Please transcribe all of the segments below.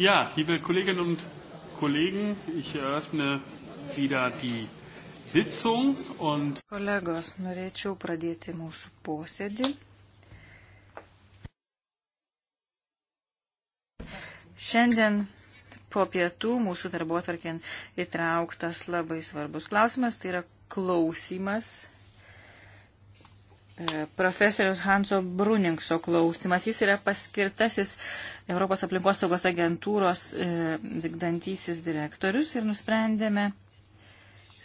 Ja, liebe Kolleginnen und Kollegen, ich eröffne wieder die Sitzung und. Kolegos, norėčiau pradėti mūsų posėdį. Šiandien po pietų mūsų darbo tarkin įtrauktas labai svarbus klausimas, tai yra klausimas E, profesoriaus Hanso Bruningso klausimas. Jis yra paskirtasis Europos aplinkosaugos agentūros e, vykdantysis direktorius ir nusprendėme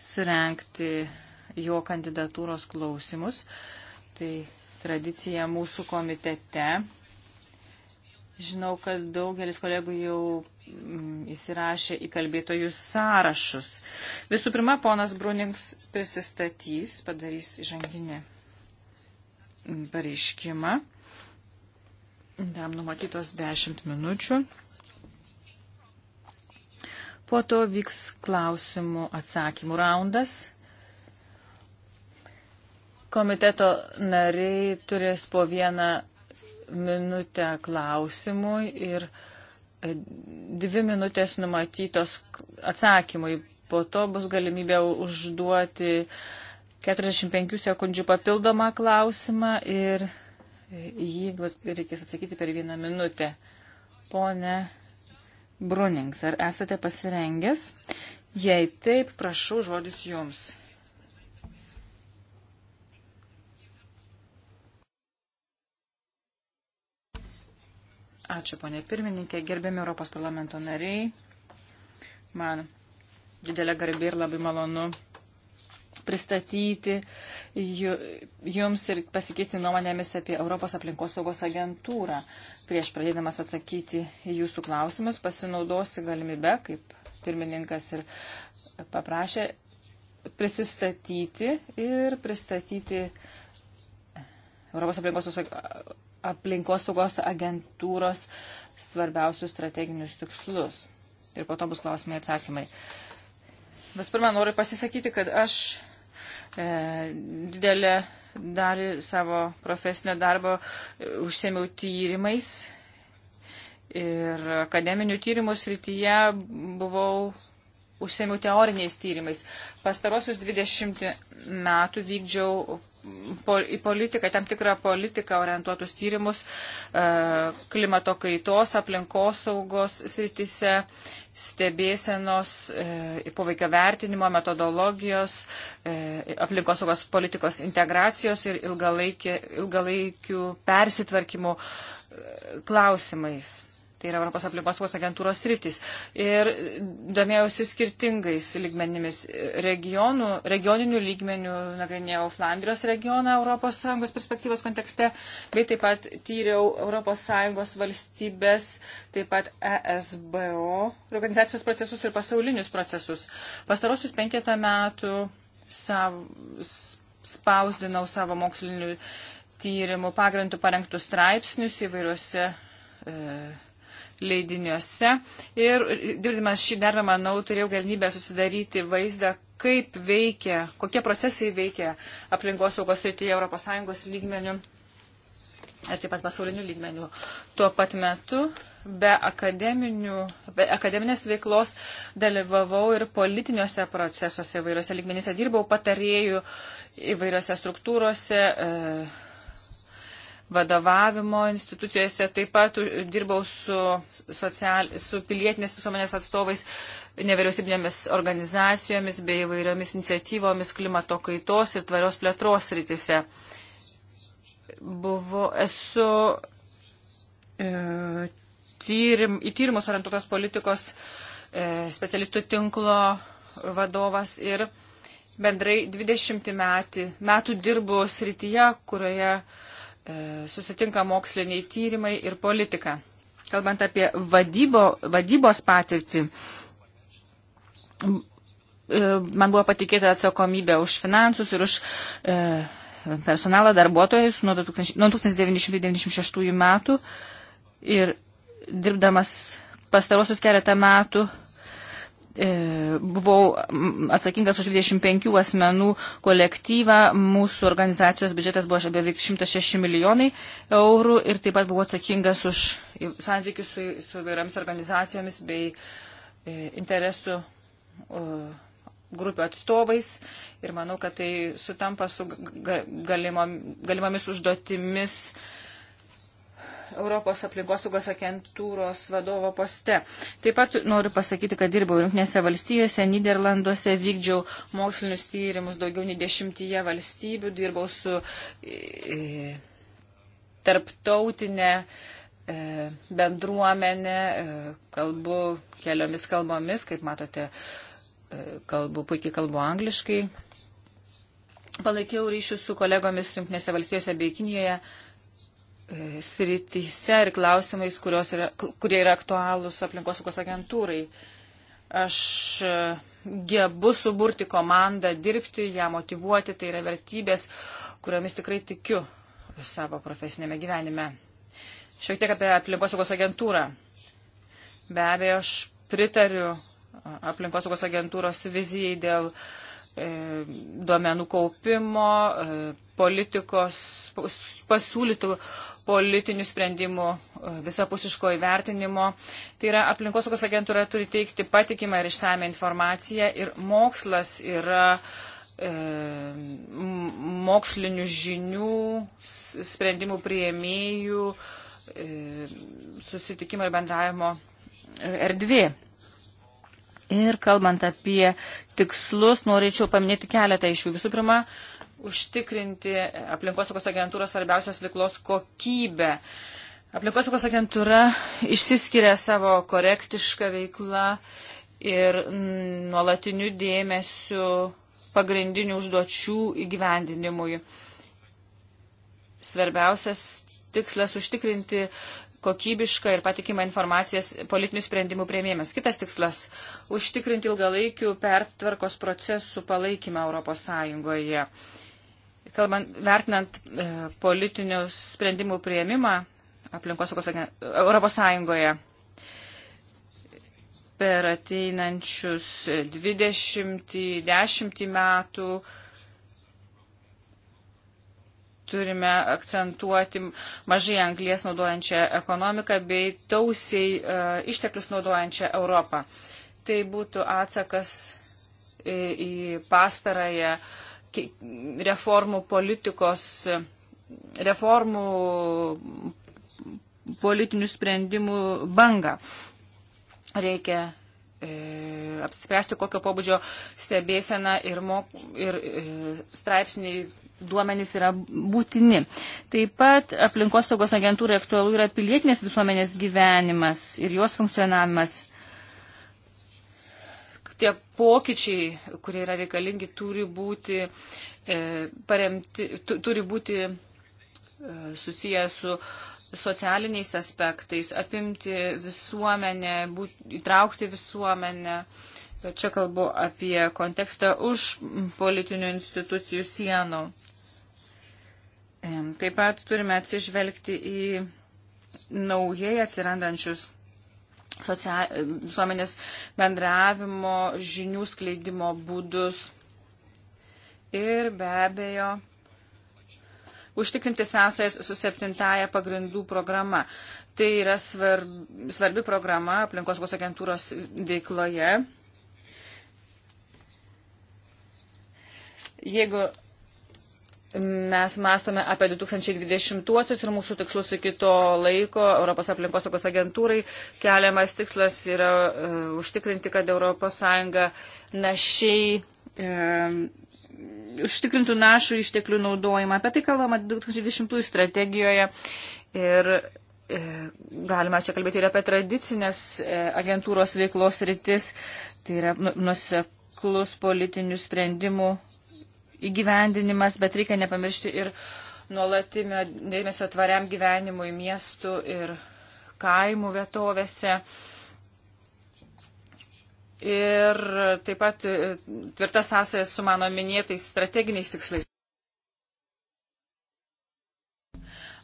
surenkti jo kandidatūros klausimus. Tai tradicija mūsų komitete. Žinau, kad daugelis kolegų jau mm, įsirašė į kalbėtojų sąrašus. Visų pirma, ponas Brunings prisistatys, padarys žanginį pareiškimą. Tam numatytos 10 minučių. Po to vyks klausimų atsakymų raundas. Komiteto nariai turės po vieną minutę klausimui ir e, dvi minutės numatytos atsakymui. Po to bus galimybė užduoti uh, 45 sekundžių papildomą klausimą ir jį reikės atsakyti per vieną minutę. Pone Brunings, ar esate pasirengęs? Jei taip, prašau žodis jums. Ačiū, ponė pirmininkė, gerbėmi Europos parlamento nariai. Man didelė garbė ir labai malonu pristatyti jums ir pasikeisti nuomonėmis apie Europos aplinkosaugos agentūrą. Prieš pradėdamas atsakyti į jūsų klausimus, pasinaudosi galimybę, kaip pirmininkas ir paprašė, prisistatyti ir pristatyti Europos aplinkosaugos aplinkosaugos agentūros svarbiausius strateginius tikslus. Ir po to bus klausimai atsakymai. Vis pirma, noriu pasisakyti, kad aš E, didelę dalį savo profesinio darbo užsėmiau tyrimais ir akademinių tyrimų srityje buvau užsėmiau teoriniais tyrimais. Pastarosius 20 metų vykdžiau pol, į politiką, tam tikrą politiką orientuotus tyrimus e, klimato kaitos, aplinkosaugos sritise stebėsenos, e, poveikio vertinimo, metodologijos, e, aplinkosaugos politikos integracijos ir ilgalaikių persitvarkymų e, klausimais tai yra Europos aplinkos saugos agentūros rytis. Ir domėjausi skirtingais lygmenimis regionų, regioninių lygmenių, nagrinėjau Flandrijos regioną ES perspektyvos kontekste, bei taip pat tyriau ES valstybės, taip pat ESBO organizacijos procesus ir pasaulinius procesus. Pastarosius penketą metų sav, spausdinau savo mokslinių tyrimų pagrindų parengtus straipsnius įvairiuose e, leidiniuose. Ir dirbdamas šį darbą, manau, turėjau galimybę susidaryti vaizdą, kaip veikia, kokie procesai veikia aplinkos saugos srityje ES lygmenių ir taip pat pasaulinių lygmenių. Tuo pat metu be, be akademinės veiklos dalyvavau ir politiniuose procesuose įvairiuose lygmenyse. Dirbau patarėjų įvairiuose struktūrose. E, vadovavimo institucijose, taip pat dirbau su, social, su pilietinės visuomenės atstovais, nevyriausybinėmis organizacijomis bei įvairiomis iniciatyvomis klimato kaitos ir tvarios plėtros rytise. Buvo, esu e, tyrim, į tyrimus orientuotos politikos e, specialistų tinklo vadovas ir bendrai 20 metį, metų dirbu srityje, kurioje E, susitinka moksliniai tyrimai ir politika. Kalbant apie vadybo, vadybos patirtį, e, man buvo patikėta atsakomybė už finansus ir už e, personalą darbuotojus nuo 1996 metų ir dirbdamas pastarosius keletą metų E, buvau atsakingas už 25 asmenų kolektyvą, mūsų organizacijos biudžetas buvo beveik 106 milijonai eurų ir taip pat buvau atsakingas už santykius su, su vairiomis organizacijomis bei e, interesų e, grupių atstovais ir manau, kad tai sutampa su galimomis užduotimis Europos aplinkosaugos agentūros vadovo poste. Taip pat noriu pasakyti, kad dirbau Junktinėse valstijose, Niderlanduose, vykdžiau mokslinius tyrimus daugiau nei dešimtyje valstybių, dirbau su e, e tarptautinė e, bendruomenė, e, kalbu keliomis kalbomis, kaip matote, e, kalbu, puikiai kalbu angliškai. Palaikiau ryšius su kolegomis Junktinėse valstijose bei Kinijoje. E, E, srityse ir klausimais, yra, kurie yra aktualūs aplinkosaugos agentūrai. Aš e, gebu suburti komandą, dirbti, ją motivuoti, tai yra vertybės, kuriomis tikrai tikiu savo profesinėme gyvenime. Šiek tiek apie aplinkosaugos agentūrą. Be abejo, aš pritariu aplinkosaugos agentūros vizijai dėl e, duomenų kaupimo, e, politikos, pasiūlytų politinių sprendimų, e, visapusiško įvertinimo. Tai yra aplinkosaugos agentūra turi teikti patikimą ir išsame informaciją ir mokslas yra e, mokslinių žinių, sprendimų prieimėjų, e, susitikimo ir bendravimo e, erdvė. Ir kalbant apie tikslus, norėčiau paminėti keletą iš jų. Visų pirma, e, užtikrinti aplinkosaugos agentūros svarbiausios veiklos kokybę. Aplinkosaugos agentūra išsiskiria savo korektišką veiklą ir nuolatiniu dėmesiu pagrindinių užduočių įgyvendinimui. Svarbiausias tikslas užtikrinti kokybišką ir patikimą informaciją politinių sprendimų prieimėmės. Kitas tikslas - užtikrinti ilgalaikių pertvarkos procesų palaikymą Europos Sąjungoje kalbant, vertinant e, politinių sprendimų prieimimą aplinkosaugos Europos Sąjungoje per ateinančius 20-10 metų turime akcentuoti mažai anglies naudojančią ekonomiką bei tausiai e, išteklius naudojančią Europą. Tai būtų atsakas e, į pastarąją e, reformų politikos, reformų politinių sprendimų bangą. Reikia e, apsispręsti, kokio pobūdžio stebėsena ir, mok, ir e, straipsniai duomenys yra būtini. Taip pat aplinkosaugos agentūrai aktualu yra pilietinės visuomenės gyvenimas ir jos funkcionavimas tie pokyčiai, kurie yra reikalingi, turi būti, e, paremti, turi būti e, susiję su socialiniais aspektais, apimti visuomenę, būt, įtraukti visuomenę. Čia kalbu apie kontekstą už politinių institucijų sienų. Taip pat turime atsižvelgti į naujai atsirandančius visuomenės bendravimo, žinių skleidimo būdus ir be abejo užtikrinti sąsajas su septintaja pagrindų programa. Tai yra svarbi, svarbi programa aplinkosaugos agentūros veikloje. Jeigu mes mastome apie 2020-uosius ir mūsų tikslus iki to laiko. Europos aplinkosaugos agentūrai keliamas tikslas yra uh, užtikrinti, kad ES našiai. Uh, užtikrintų našų išteklių naudojimą. Apie tai kalbama 2020 strategijoje ir e, galima čia kalbėti ir apie tradicinės e, agentūros veiklos rytis, tai yra nu, nuseklus politinių sprendimų įgyvendinimas, bet reikia nepamiršti ir nuolatinio dėmesio tvariam gyvenimui miestų ir kaimų vietovėse. Ir taip pat e, tvirtas sąsajas su mano minėtais strateginiais tikslais.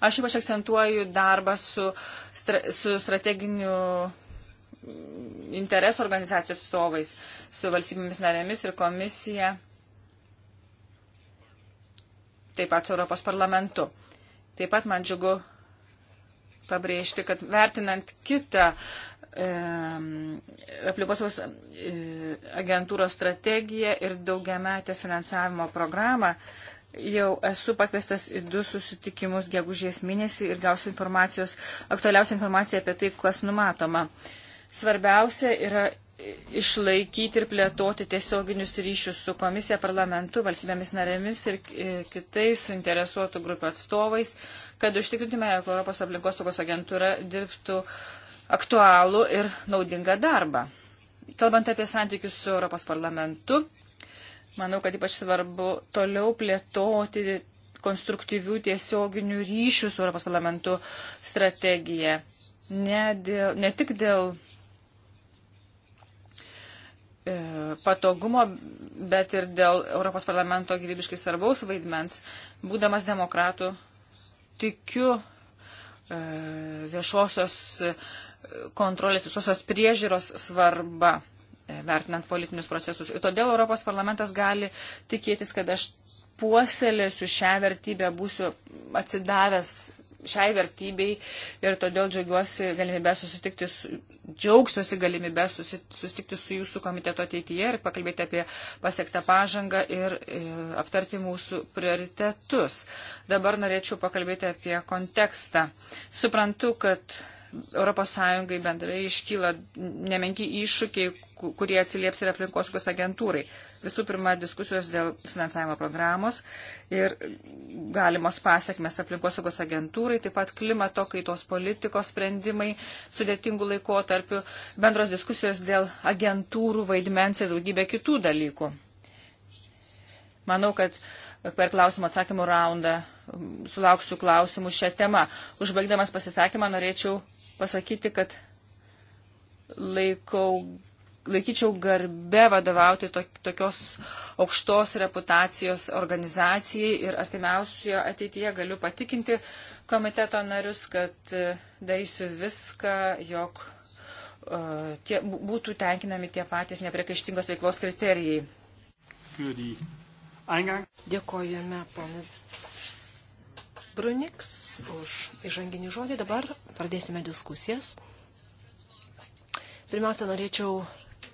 Aš ypač akcentuoju darbą su, stra su strateginiu interesų organizacijos atstovais, su valstybėmis narėmis ir komisija taip pat su Europos parlamentu. Taip pat man džiugu pabrėžti, kad vertinant kitą e, aplikosaus e, agentūros strategiją ir daugiametę finansavimo programą, jau esu pakviestas į du susitikimus gegužės mėnesį ir gausiu informacijos, aktualiausią informaciją apie tai, kas numatoma. Svarbiausia yra išlaikyti ir plėtoti tiesioginius ryšius su komisija, parlamentu, valstybėmis narėmis ir e, kitais suinteresuotų grupių atstovais, kad užtikrintume, jog Europos aplinkosaugos agentūra dirbtų aktualų ir naudingą darbą. Kalbant apie santykius su Europos parlamentu, manau, kad ypač svarbu toliau plėtoti konstruktyvių tiesioginių ryšių su Europos parlamentu strategiją. Ne, dėl, ne tik dėl E, patogumo, bet ir dėl Europos parlamento gyvybiškai svarbaus vaidmens, būdamas demokratų, tikiu e, viešosios kontrolės, viešosios priežiūros svarba e, vertinant politinius procesus. Ir todėl Europos parlamentas gali tikėtis, kad aš puoselėsiu šią vertybę, būsiu atsidavęs šiai vertybei ir todėl džiaugiuosi galimybę susitikti, su, džiaugsiuosi galimybę susitikti su jūsų komiteto ateityje ir pakalbėti apie pasiektą pažangą ir e, aptarti mūsų prioritetus. Dabar norėčiau pakalbėti apie kontekstą. Suprantu, kad ES bendrai iškyla nemenki iššūkiai, kurie atsilieps ir aplinkosaugos agentūrai. Visų pirma, diskusijos dėl finansavimo programos ir galimos pasiekmes aplinkosaugos agentūrai, taip pat klimato kaitos politikos sprendimai sudėtingų laikotarpių, bendros diskusijos dėl agentūrų vaidmens ir daugybė kitų dalykų. Manau, kad per klausimų atsakymų raundą sulauksiu klausimų šią temą. Užbaigdamas pasisakymą norėčiau pasakyti, kad laikau, laikyčiau garbę vadovauti tokios aukštos reputacijos organizacijai ir artimiausioje ateityje galiu patikinti komiteto narius, kad e, darysiu viską, jog uh, tie, būtų tenkinami tie patys nepriekaištingos veiklos kriterijai. Dėkojame, ponai Bruniks už įžanginį žodį. Dabar pradėsime diskusijas. Pirmiausia, norėčiau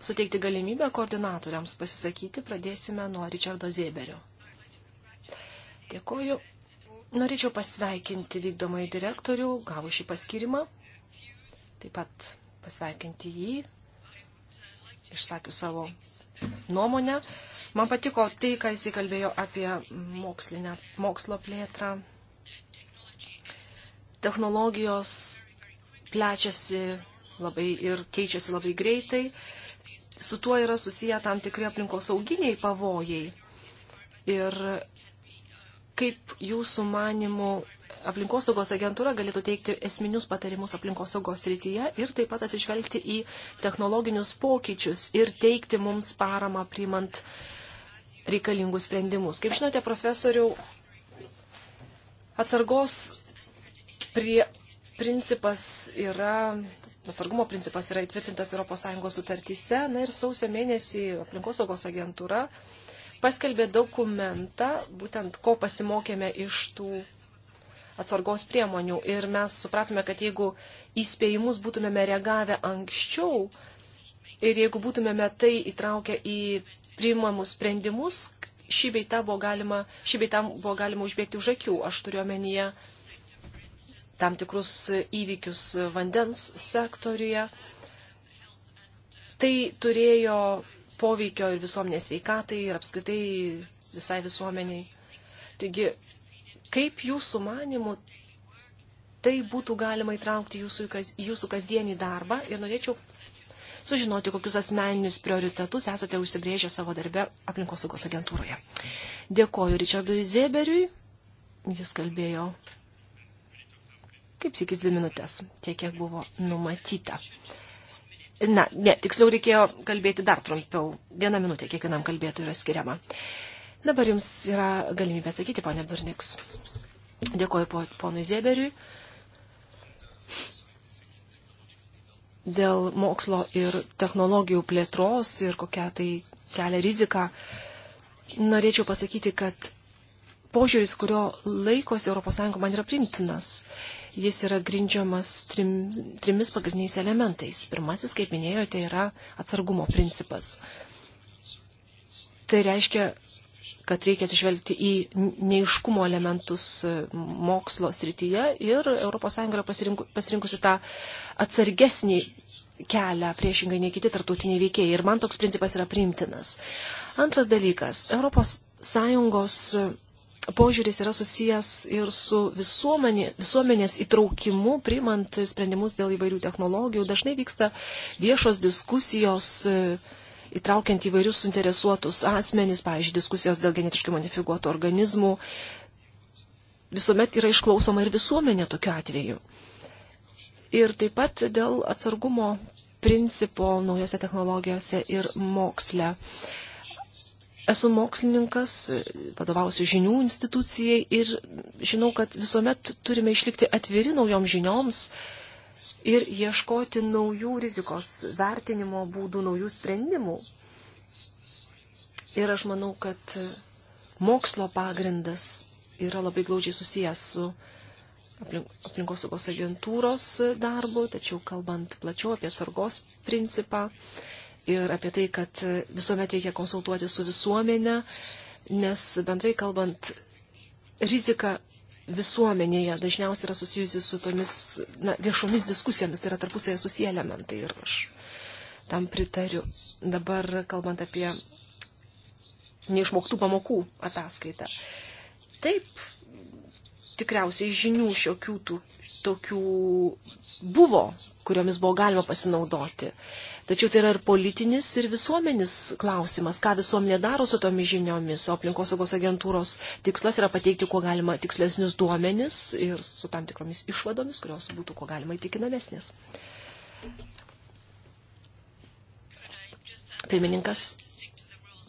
suteikti galimybę koordinatoriams pasisakyti. Pradėsime nuo Richardo Zėberio. Dėkoju. Norėčiau pasveikinti vykdomąjį direktorių, gavau šį paskirimą. Taip pat pasveikinti jį, išsakiu savo nuomonę. Man patiko tai, ką jis įkalbėjo apie mokslinę, mokslo plėtrą, Technologijos plečiasi labai ir keičiasi labai greitai. Su tuo yra susiję tam tikri aplinkosauginiai pavojai. Ir kaip jūsų manimų aplinkosaugos agentūra galėtų teikti esminius patarimus aplinkosaugos rytyje ir taip pat atsižvelgti į technologinius pokyčius ir teikti mums paramą priimant reikalingus sprendimus. Kaip žinote, profesoriau, atsargos prie, principas yra, atsargumo principas yra įtvirtintas ES sutartyse. Na ir sausio mėnesį aplinkosaugos agentūra paskelbė dokumentą, būtent ko pasimokėme iš tų atsargos priemonių. Ir mes supratome, kad jeigu įspėjimus būtumėme reagavę anksčiau ir jeigu būtumėme tai įtraukę į priimamus sprendimus, šį beitą buvo galima, šį beitą buvo galima užbėgti už akių. Aš turiu omenyje tam tikrus įvykius vandens sektoriuje. Tai turėjo poveikio ir visuomenės veikatai, ir apskritai visai visuomeniai. Taigi, kaip jūsų manimų tai būtų galima įtraukti jūsų, jūsų kasdienį darbą ir norėčiau sužinoti, kokius asmeninius prioritetus esate užsibrėžę savo darbę aplinkosaugos agentūroje. Dėkoju Richardui Zeberiui, jis kalbėjo kaip sikis dvi minutės, tiek kiek buvo numatyta. Na, ne, tiksliau reikėjo kalbėti dar trumpiau. Vieną minutę kiekvienam kalbėtų yra skiriama. Dabar jums yra galimybė atsakyti, ponė Burniks. Dėkoju po, ponui Zieberiui dėl mokslo ir technologijų plėtros ir kokią tai kelia riziką. Norėčiau pasakyti, kad požiūris, kurio laikosi ES man yra primtinas jis yra grindžiamas trim, trimis pagrindiniais elementais. Pirmasis, kaip minėjote, yra atsargumo principas. Tai reiškia, kad reikia atsižvelgti į neiškumo elementus mokslo srityje ir ES yra pasirinku, pasirinkusi tą atsargesnį kelią priešingai nei kiti tartutiniai veikėjai. Ir man toks principas yra priimtinas. Antras dalykas. ES požiūris yra susijęs ir su visuomenė, visuomenės įtraukimu, priimant sprendimus dėl įvairių technologijų. Dažnai vyksta viešos diskusijos e, įtraukiant įvairius suinteresuotus asmenys, pavyzdžiui, diskusijos dėl genetiškai modifikuotų organizmų. Visuomet yra išklausoma ir visuomenė tokiu atveju. Ir taip pat dėl atsargumo principo naujose technologijose ir moksle. Uh, Esu mokslininkas, vadovausiu žinių institucijai ir žinau, kad visuomet turime išlikti atviri naujom žinioms ir ieškoti naujų rizikos vertinimo būdų, naujų sprendimų. Ir aš manau, kad mokslo pagrindas yra labai glaudžiai susijęs su aplinkosaugos agentūros darbu, tačiau kalbant plačiau apie atsargos principą, ir apie tai, kad visuomet reikia konsultuoti su visuomenė, nes bendrai kalbant, rizika visuomenėje dažniausiai yra susijusi su tomis na, viešomis diskusijomis, tai yra tarpusėje susiję elementai ir aš tam pritariu. Dabar kalbant apie neišmoktų pamokų ataskaitą. Taip, tikriausiai žinių šiokių tų tokių buvo, kuriomis buvo galima pasinaudoti. Tačiau tai yra ir politinis, ir visuomenis klausimas, ką visuomenė daro su tomis žiniomis. O aplinkosaugos agentūros tikslas yra pateikti, kuo galima tikslesnius duomenis ir su tam tikromis išvadomis, kurios būtų, kuo galima įtikinamesnės. Pirmininkas,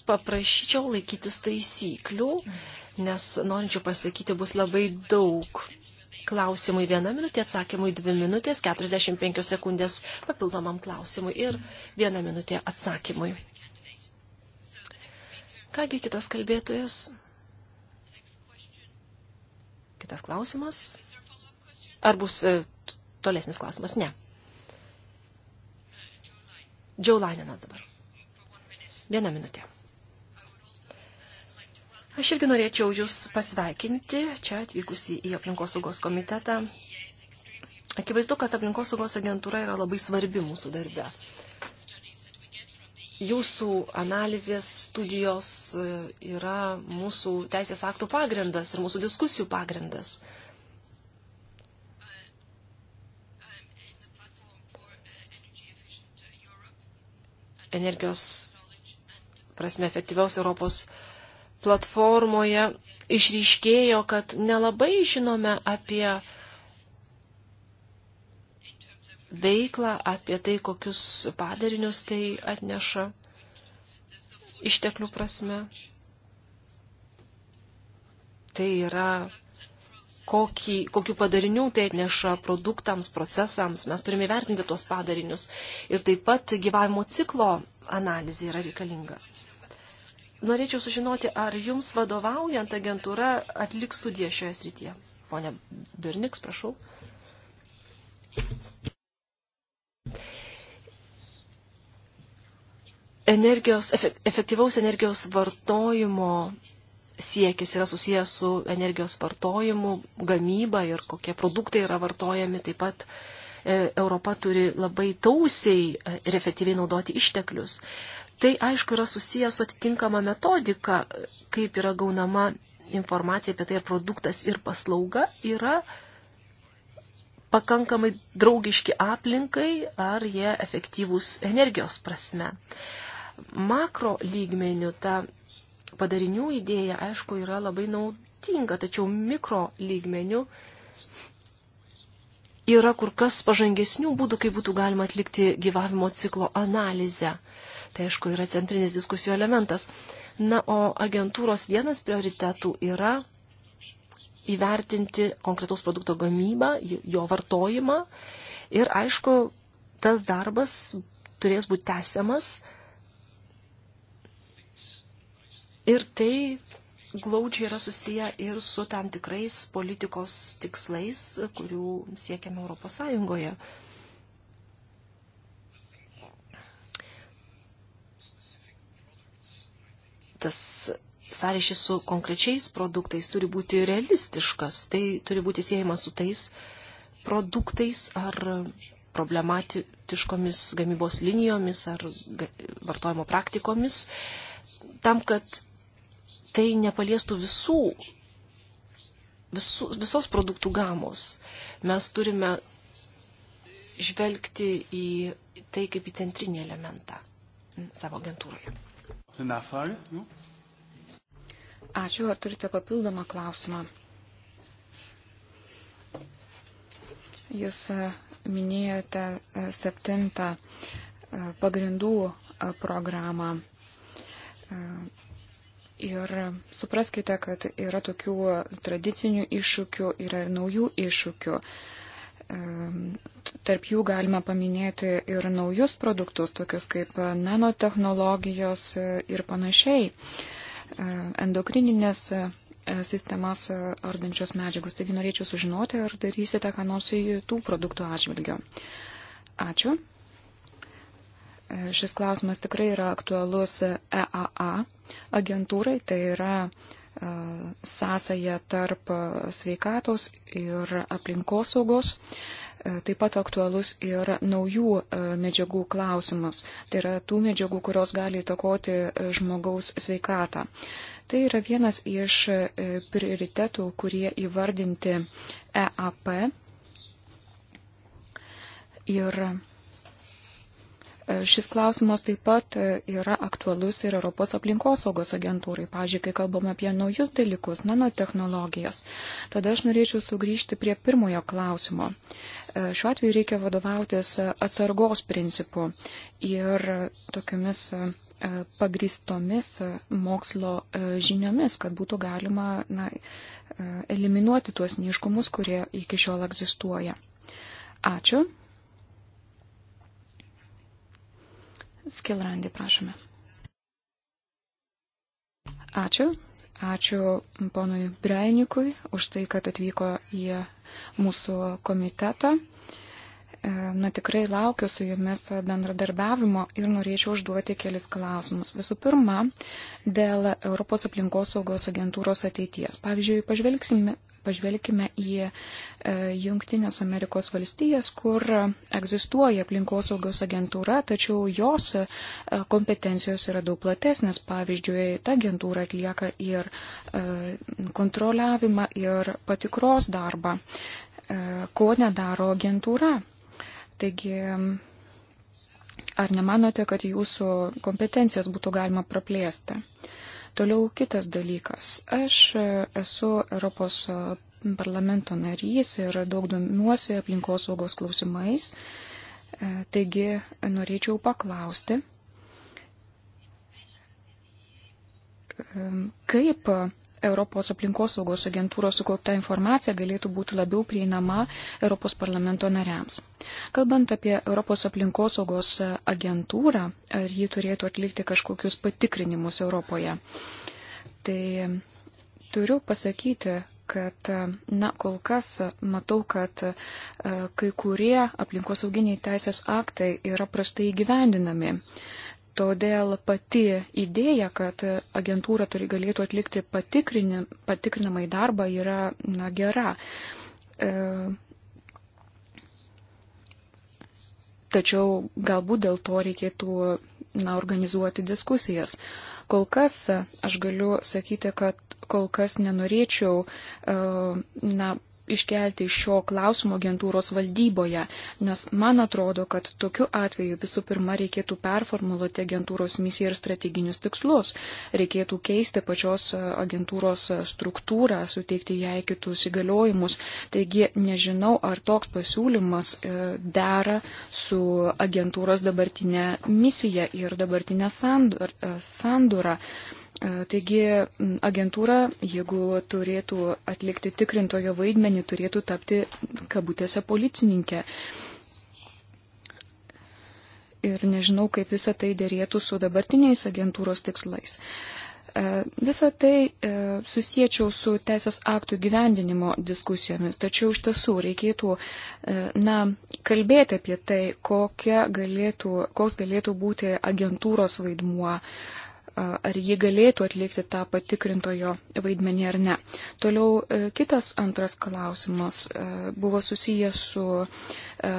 paprašyčiau laikytis taisyklių, nes norinčių pasakyti bus labai daug klausimui vieną minutę, atsakymui dvi minutės, 45 sekundės papildomam klausimui ir vieną minutę atsakymui. Kągi kitas kalbėtojas? Kitas klausimas? Ar bus e, tolesnis klausimas? Ne. Džiaulaninas dabar. Vieną minutę. Aš irgi norėčiau Jūs pasveikinti čia atvykusi į aplinkosaugos komitetą. Akivaizdu, kad aplinkosaugos agentūra yra labai svarbi mūsų darbe. Jūsų analizės studijos e, yra mūsų teisės aktų pagrindas ir mūsų diskusijų pagrindas. Energijos prasme efektyviaus Europos platformoje išryškėjo, kad nelabai žinome apie veiklą, apie tai, kokius padarinius tai atneša išteklių prasme. Tai yra, kokį, kokiu padariniu tai atneša produktams, procesams. Mes turime vertinti tuos padarinius. Ir taip pat gyvavimo ciklo analizė yra reikalinga norėčiau sužinoti, ar jums vadovaujant agentūra atliks studiją šioje srityje. Pone Birniks, prašau. Energijos, efektyvaus energijos vartojimo siekis yra susijęs su energijos vartojimu, gamyba ir kokie produktai yra vartojami. Taip pat e, Europa turi labai tausiai e, ir efektyviai naudoti išteklius. Tai aišku yra susijęs su atitinkama metodika, kaip yra gaunama informacija apie tai, ar produktas ir paslauga yra pakankamai draugiški aplinkai, ar jie efektyvūs energijos prasme. Makro lygmenių ta padarinių idėja, aišku, yra labai naudinga, tačiau mikro lygmenių yra kur kas pažangesnių būdų, kaip būtų galima atlikti gyvavimo ciklo analizę. Tai aišku, yra centrinis diskusijų elementas. Na, o agentūros vienas prioritetų yra įvertinti konkretaus produkto gamybą, jo vartojimą. Ir aišku, tas darbas turės būti tęsiamas. Ir tai glaudžiai yra susiję ir su tam tikrais politikos tikslais, kurių siekiame Europos Sąjungoje. Tas sąryšis su konkrečiais produktais turi būti realistiškas, tai turi būti siejamas su tais produktais ar problematiškomis gamybos linijomis ar vartojimo praktikomis, tam, kad tai nepaliestų visų, visų, visos produktų gamos. Mes turime žvelgti į tai kaip į centrinį elementą savo agentūroje. Nu? Ačiū, ar turite papildomą klausimą? Jūs e, minėjote e, septintą e, pagrindų programą. Ir supraskite, kad yra tokių tradicinių iššūkių, yra ir naujų iššūkių. Tarp jų galima paminėti ir naujus produktus, tokius kaip nanotehnologijos e, ir panašiai, e, endokrininės e, sistemas ardančios medžiagos. Taigi norėčiau sužinoti, ar darysite ką nors į tų produktų atžvilgio. Ačiū. Šis klausimas tikrai yra aktualus EAA agentūrai, tai yra e, sąsaja tarp sveikatos ir aplinkosaugos. E, taip pat aktualus ir naujų e, medžiagų klausimas. Tai yra tų medžiagų, kurios gali įtakoti žmogaus sveikatą. Tai yra vienas iš prioritetų, kurie įvardinti EAP. Ir Šis klausimas taip pat e, yra aktualus ir Europos aplinkosaugos agentūrai, pažiūrėk, kai kalbame apie naujus dalykus, nanotehnologijas. Tada aš norėčiau sugrįžti prie pirmojo klausimo. E, šiuo atveju reikia vadovautis e, atsargos principu ir tokiamis pagristomis mokslo žiniomis, kad būtų galima na, eliminuoti tuos neiškumus, kurie iki šiol egzistuoja. Ačiū. Skilrandi, prašome. Ačiū. Ačiū ponui Breinikui už tai, kad atvyko į mūsų komitetą. E, na tikrai laukiu su jumis bendradarbiavimo ir norėčiau užduoti kelis klausimus. Visų pirma, dėl Europos aplinkosaugos agentūros ateities. Pavyzdžiui, pažvelgsime pažvelkime į e, Junktinės Amerikos valstijas, kur egzistuoja aplinkosaugos agentūra, tačiau jos e, kompetencijos yra daug platesnės. Pavyzdžiui, ta agentūra atlieka ir e, kontroliavimą, ir patikros darbą, ko nedaro agentūra. Taigi, ar nemanote, kad jūsų kompetencijas būtų galima praplėsti? Uh, Toliau kitas dalykas. Aš e, esu Europos e, parlamento narys ir daug domiuosi aplinkos saugos klausimais. E, taigi norėčiau paklausti, kaip Europos aplinkosaugos agentūros sukaupta informacija galėtų būti labiau prieinama Europos parlamento nariams. Kalbant apie Europos aplinkosaugos agentūrą, ar ji turėtų atlikti kažkokius patikrinimus Europoje, tai turiu pasakyti, kad, na, kol kas matau, kad e, kai kurie aplinkosauginiai teisės aktai yra prastai gyvendinami. Todėl pati idėja, kad agentūra turi galėtų atlikti patikrinamai darbą, yra na, gera. E, tačiau galbūt dėl to reikėtų na, organizuoti diskusijas. Kol kas aš galiu sakyti, kad kol kas nenorėčiau e, na, iškelti šio klausimo agentūros valdyboje, nes man atrodo, kad tokiu atveju visų pirma reikėtų performuluoti agentūros misiją ir strateginius tikslus, reikėtų keisti pačios e, agentūros e, struktūrą, suteikti jai kitus įgaliojimus. Taigi nežinau, ar toks pasiūlymas e, dera su agentūros dabartinė misija ir dabartinė sandura. E, taigi agentūra, jeigu turėtų atlikti tikrintojo vaidmenį, turėtų tapti kabutėse policininkė. Ir nežinau, kaip visa tai dėrėtų su dabartiniais agentūros tikslais. E, Visą tai e, susiečiau su teisės aktų gyvendinimo diskusijomis, tačiau iš tiesų reikėtų na, kalbėti apie tai, galėtų, koks galėtų būti agentūros vaidmuo, ar ji galėtų atlikti tą patikrintojo vaidmenį ar ne. Toliau e, kitas antras klausimas e, buvo susijęs su e,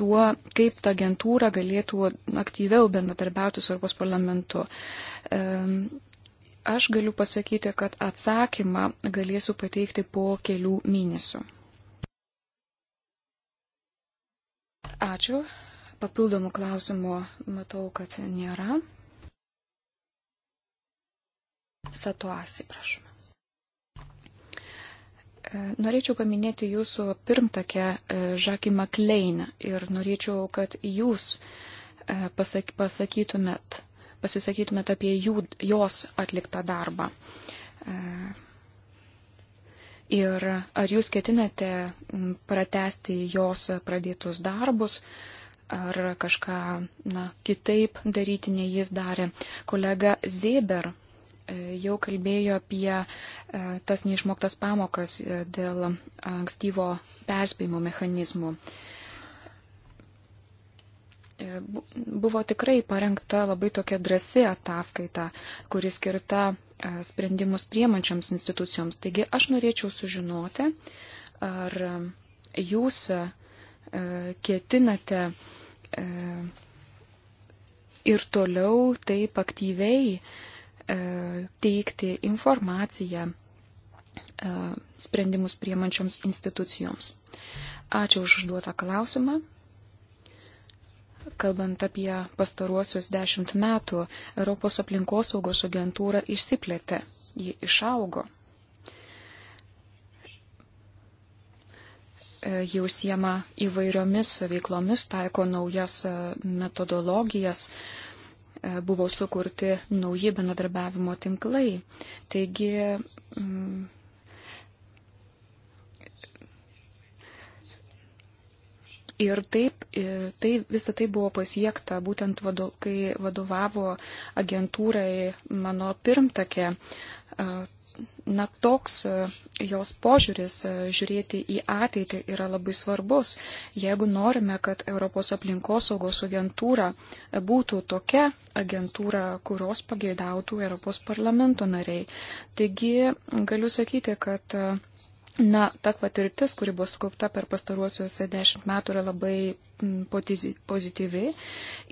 tuo, kaip ta agentūra galėtų aktyviau bendradarbiauti su Europos parlamentu. Aš galiu pasakyti, kad atsakymą galėsiu pateikti po kelių mėnesių. Ačiū. Papildomų klausimų matau, kad nėra. Satuasi, prašome. E, norėčiau paminėti jūsų pirmtakę e, Žakį Makleiną ir norėčiau, kad jūs e, pasakytumėt, pasisakytumėt apie jų, jos atliktą darbą. Ir ar jūs ketinate pratesti jos pradėtus darbus, ar kažką na, kitaip daryti, nei jis darė. Kolega Zeber E, jau kalbėjo apie e, tas neišmoktas pamokas e, dėl ankstyvo perspėjimo mechanizmų. Buvo tikrai parengta labai tokia drasi ataskaita, kuri skirta sprendimus priemančiams institucijoms. Taigi aš norėčiau sužinoti, ar jūs ketinate ir toliau taip aktyviai E, teikti informaciją e, sprendimus priemančioms institucijoms. Ačiū už užduotą klausimą. Kalbant apie pastaruosius dešimt metų, Europos aplinkosaugos agentūra išsiplėtė, ji išaugo. E, Jau siema įvairiomis veiklomis, taiko naujas metodologijas, E, buvo sukurti nauji bendradarbiavimo tinklai. Taigi, mm, Ir taip, e, tai, visą tai buvo pasiekta būtent, vado, kai vadovavo agentūrai mano pirmtakė e, na, toks e, jos požiūris e, žiūrėti į ateitį yra labai svarbus. Jeigu norime, kad Europos aplinkosaugos agentūra būtų tokia agentūra, kurios pageidautų Europos parlamento nariai. Taigi galiu sakyti, kad e, Na, ta patirtis, kuri buvo skaupta per pastaruosius dešimt metų, yra labai pozityvi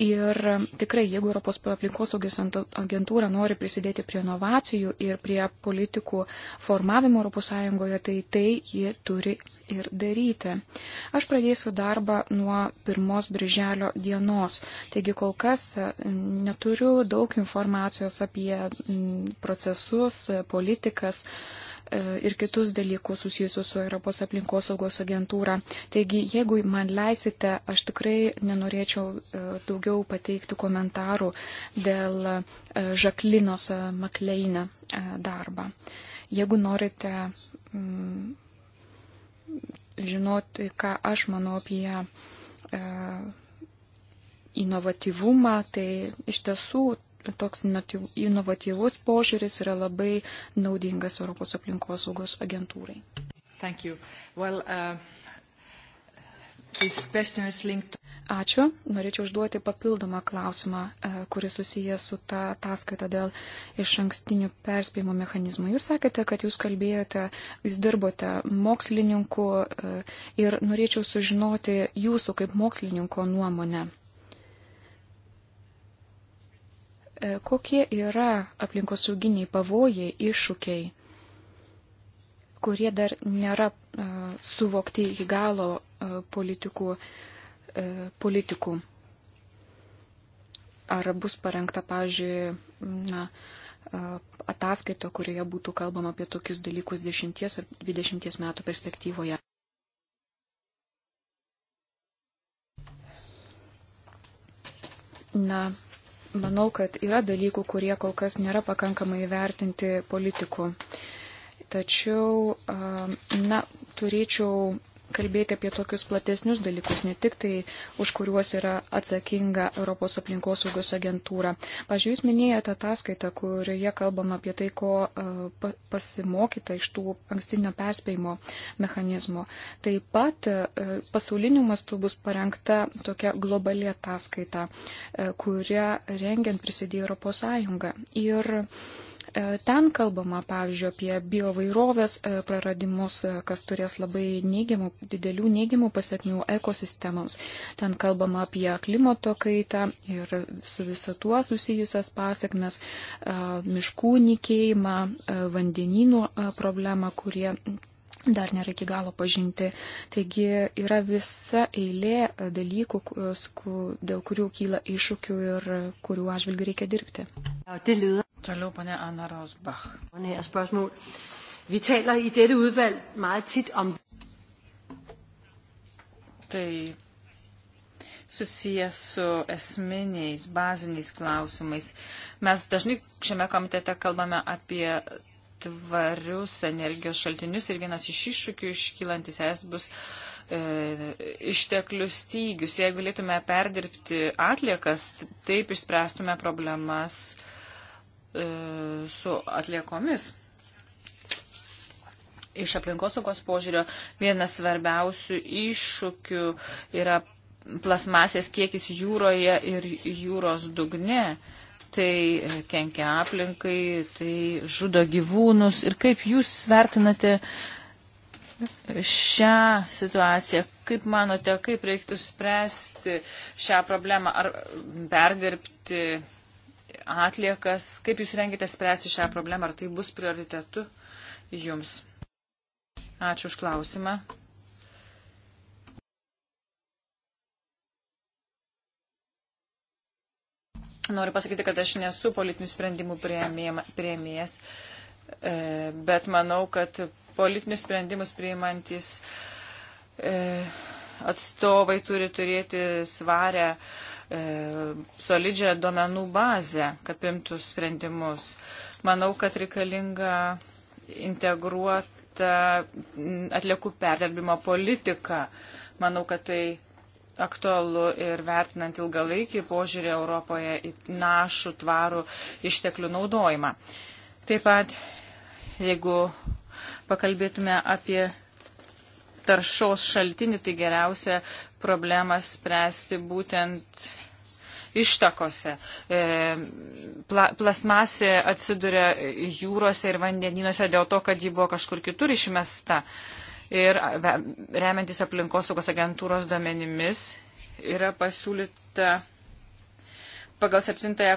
ir tikrai, jeigu Europos aplinkosaugės agentūra nori prisidėti prie inovacijų ir prie politikų formavimo ES, tai tai ji turi ir daryti. Aš pradėsiu darbą nuo 1 birželio dienos, taigi kol kas e, neturiu daug informacijos apie procesus, politikas ir kitus dalykus susijusius su Europos aplinkosaugos agentūra. Taigi, jeigu man leisite, aš tikrai nenorėčiau e, daugiau pateikti komentarų dėl e, Žaklinos e, Makleinę darbą. Jeigu norite mm, žinoti, ką aš manau apie inovatyvumą, tai iš tiesų toks inovatyvus požiūris yra labai naudingas Europos aplinkosaugos agentūrai. Well, uh, Ačiū. Norėčiau užduoti papildomą klausimą, uh, kuris susijęs su ta ataskaita dėl iš ankstinių perspėjimo mechanizmų. Jūs sakėte, kad jūs kalbėjote, jūs dirbote mokslininku uh, ir norėčiau sužinoti jūsų kaip mokslininko nuomonę E, kokie yra aplinkosauginiai pavojai, iššūkiai, kurie dar nėra e, suvokti iki galo e, politikų. politikų. Ar bus parengta, pavyzdžiui, na, ataskaita, kurioje būtų kalbama apie tokius dalykus 10 ar 20 metų perspektyvoje. Na, Manau, kad yra dalykų, kurie kol kas nėra pakankamai vertinti politikų. Tačiau, na, turėčiau kalbėti apie tokius platesnius dalykus, ne tik tai, už kuriuos yra atsakinga Europos aplinkosaugos agentūra. Pavyzdžiui, jūs minėjote ataskaitą, kurioje kalbama apie tai, ko e, pasimokyta iš tų ankstinio perspėjimo mechanizmo. Taip pat e, pasauliniu mastu bus parengta tokia globali ataskaita, e, kurią rengiant prisidėjo Europos Sąjunga. Ir E, ten kalbama, pavyzdžiui, apie biovairovės e, praradimus, e, kas turės labai neigiamų, didelių neigiamų pasiekmių ekosistemams. Ten kalbama apie klimato kaitą ir su viso tuo susijusias pasiekmes, miškų nikėjimą, vandeninų problemą, kurie dar nėra iki galo pažinti. Taigi yra visa eilė dalykų, dėl kurių kyla iššūkių ir kurių atžvilgių reikia dirbti. Toliau, pane Anna Rosbach. Mane her spørgsmål. Vi taler i dette udvalg meget tit om... Tai susijęs su esminiais, baziniais klausimais. Mes dažnai šiame komitete kalbame apie tvarius energijos šaltinius ir vienas iš iššūkių iškylantis es bus e, išteklių stygius. Jeigu galėtume perdirbti atliekas, taip išspręstume problemas e, E, su atliekomis. Iš aplinkosaugos požiūrio vienas svarbiausių iššūkių yra plasmasės kiekis jūroje ir jūros dugne. Tai e, kenkia aplinkai, tai žudo gyvūnus. Ir kaip jūs svertinate šią situaciją? Kaip manote, kaip reiktų spręsti šią problemą? Ar perdirbti atliekas. Kaip jūs rengite spręsti šią problemą? Ar tai bus prioritetu jums? Ačiū už klausimą. Noriu pasakyti, kad aš nesu politinių sprendimų prieimėjas, e, bet manau, kad politinius sprendimus priimantis e, atstovai turi turėti svarę E, solidžią duomenų bazę, kad primtų sprendimus. Manau, kad reikalinga integruota atliekų perdirbimo politika. Manau, kad tai aktualu ir vertinant ilgalaikį požiūrį Europoje į našų tvarų išteklių naudojimą. Taip pat, jeigu pakalbėtume apie taršos šaltinį, tai geriausia problema spręsti būtent ištakose. E, pla, plasmasė atsiduria jūrose ir vandenynuose dėl to, kad ji buvo kažkur kitur išmesta. Ir remiantis aplinkosaugos agentūros domenimis yra pasiūlyta. Pagal septintąją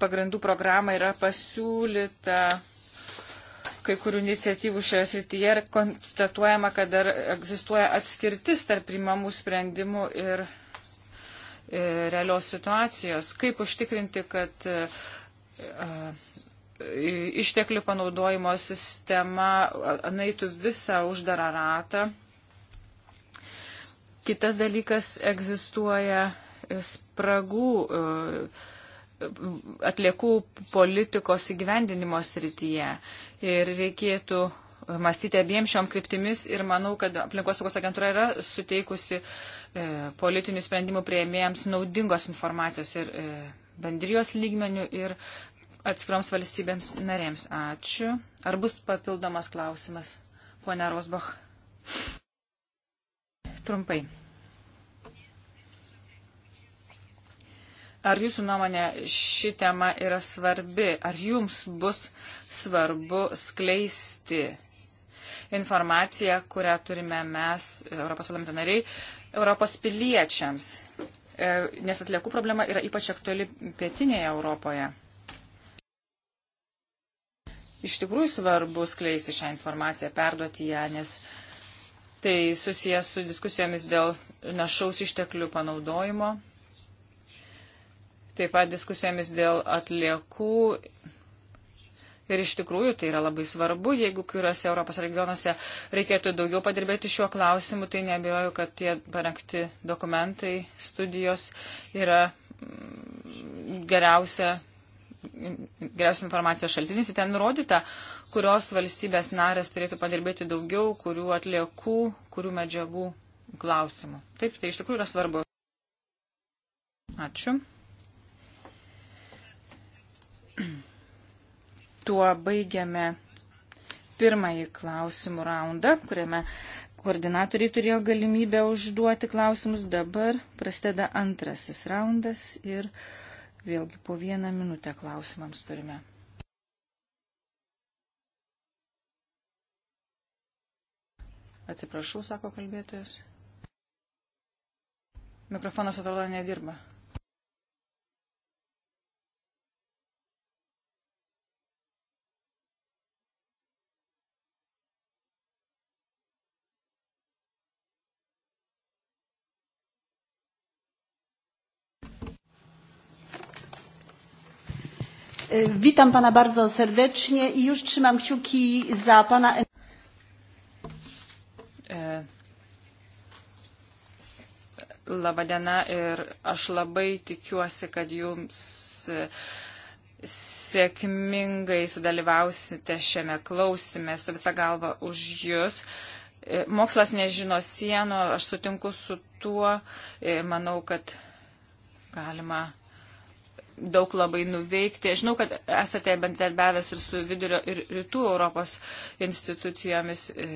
pagrindų programą yra pasiūlyta kai kurių iniciatyvų šioje srityje ir konstatuojama, kad dar egzistuoja atskirtis tarp primamų sprendimų ir E, realios situacijos, kaip užtikrinti, kad e, išteklių panaudojimo sistema naitų visą uždarą ratą. Kitas dalykas egzistuoja e, spragų atliekų politikos įgyvendinimo srityje. Ir reikėtų mąstyti abiem šiom kryptimis ir manau, kad aplinkosaugos agentūra yra suteikusi uh, E, politinių sprendimų prieimėjams naudingos informacijos ir e, bendrijos lygmenių ir atskiroms valstybėms narėms. Ačiū. Ar bus papildomas klausimas, ponia Rosbach? Trumpai. Ar jūsų nuomonė ši tema yra svarbi? Ar jums bus svarbu skleisti informaciją, kurią turime mes, Europos parlamento nariai, Europos piliečiams, e, nes atliekų problema yra ypač aktuali pietinėje Europoje. Iš tikrųjų svarbu skleisti šią informaciją, perduoti ją, nes tai susijęs su diskusijomis dėl našaus išteklių panaudojimo, taip pat diskusijomis dėl atliekų Ir iš tikrųjų tai yra labai svarbu, jeigu kuriuose Europos regionuose reikėtų daugiau padirbėti šiuo klausimu, tai nebejoju, kad tie parengti dokumentai, studijos yra mm, geriausia, geriausia informacijos šaltinis. Ir ten nurodyta, kurios valstybės narės turėtų padirbėti daugiau, kurių atliekų, kurių medžiagų klausimų. Taip, tai iš tikrųjų yra svarbu. Ačiū. Tuo baigiame pirmąjį klausimų raundą, kuriame koordinatoriai turėjo galimybę užduoti klausimus. Dabar prasideda antrasis raundas ir vėlgi po vieną minutę klausimams turime. Atsiprašau, sako kalbėtojas. Mikrofonas atrodo nedirba. E, witam Pana bardzo serdecznie i już trzymam kciuki za Pana. E, Labadiena ir aš labai tikiuosi, kad jums e, sėkmingai sudalyvausite šiame klausime su visa galva už jūs. Mokslas nežino sienų, aš sutinku su tuo, manau, kad galima daug labai nuveikti. Žinau, kad esate bendradarbiavęs ir su vidurio ir rytų Europos institucijomis e,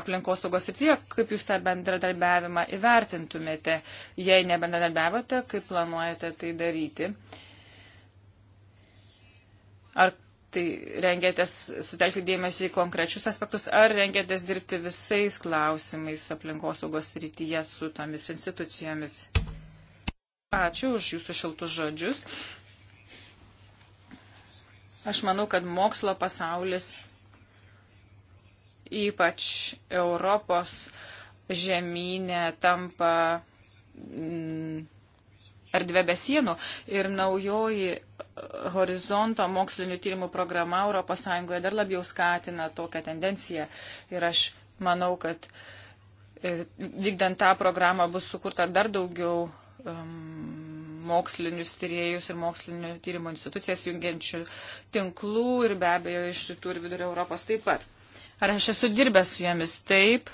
aplinkosaugos ir tiek, kaip jūs tą bendradarbiavimą įvertintumėte, jei nebendradarbiavote, kaip planuojate tai daryti. Ar tai rengėtės sutelkti dėmesį į konkrečius aspektus, ar rengėtės dirbti visais klausimais aplinkosaugos rytyje su tomis institucijomis? Ačiū už jūsų šiltus žodžius. Aš manau, kad mokslo pasaulis, ypač Europos žemynė, tampa mm, erdvė be sienų ir naujoji e, horizonto mokslinių tyrimų programa ES dar labiau skatina tokią tendenciją. Ir aš manau, kad e, vykdant tą programą bus sukurta dar daugiau um, mokslinius tyriejus ir mokslinio tyrimo institucijas jungiančių tinklų ir be abejo iš rytų ir vidurio Europos taip pat. Ar aš esu dirbęs su jomis taip?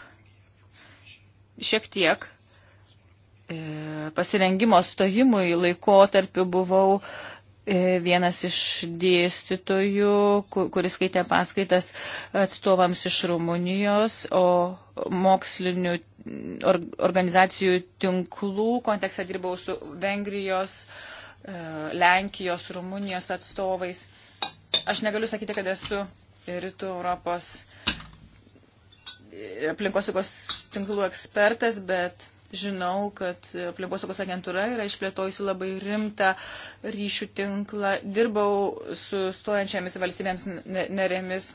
Šiek tiek. E, pasirengimo stojimui laikotarpiu buvau e, vienas iš dėstytojų, kuris skaitė paskaitas atstovams iš Rumunijos, o mokslinių organizacijų tinklų kontekste dirbau su Vengrijos, e, Lenkijos, Rumunijos atstovais. Aš negaliu sakyti, kad esu rytų Europos e, aplinkosaugos tinklų ekspertas, bet žinau, kad aplinkosaugos agentūra yra išplėtojusi labai rimtą ryšių tinklą. Dirbau su stojančiamis valstybėms narėmis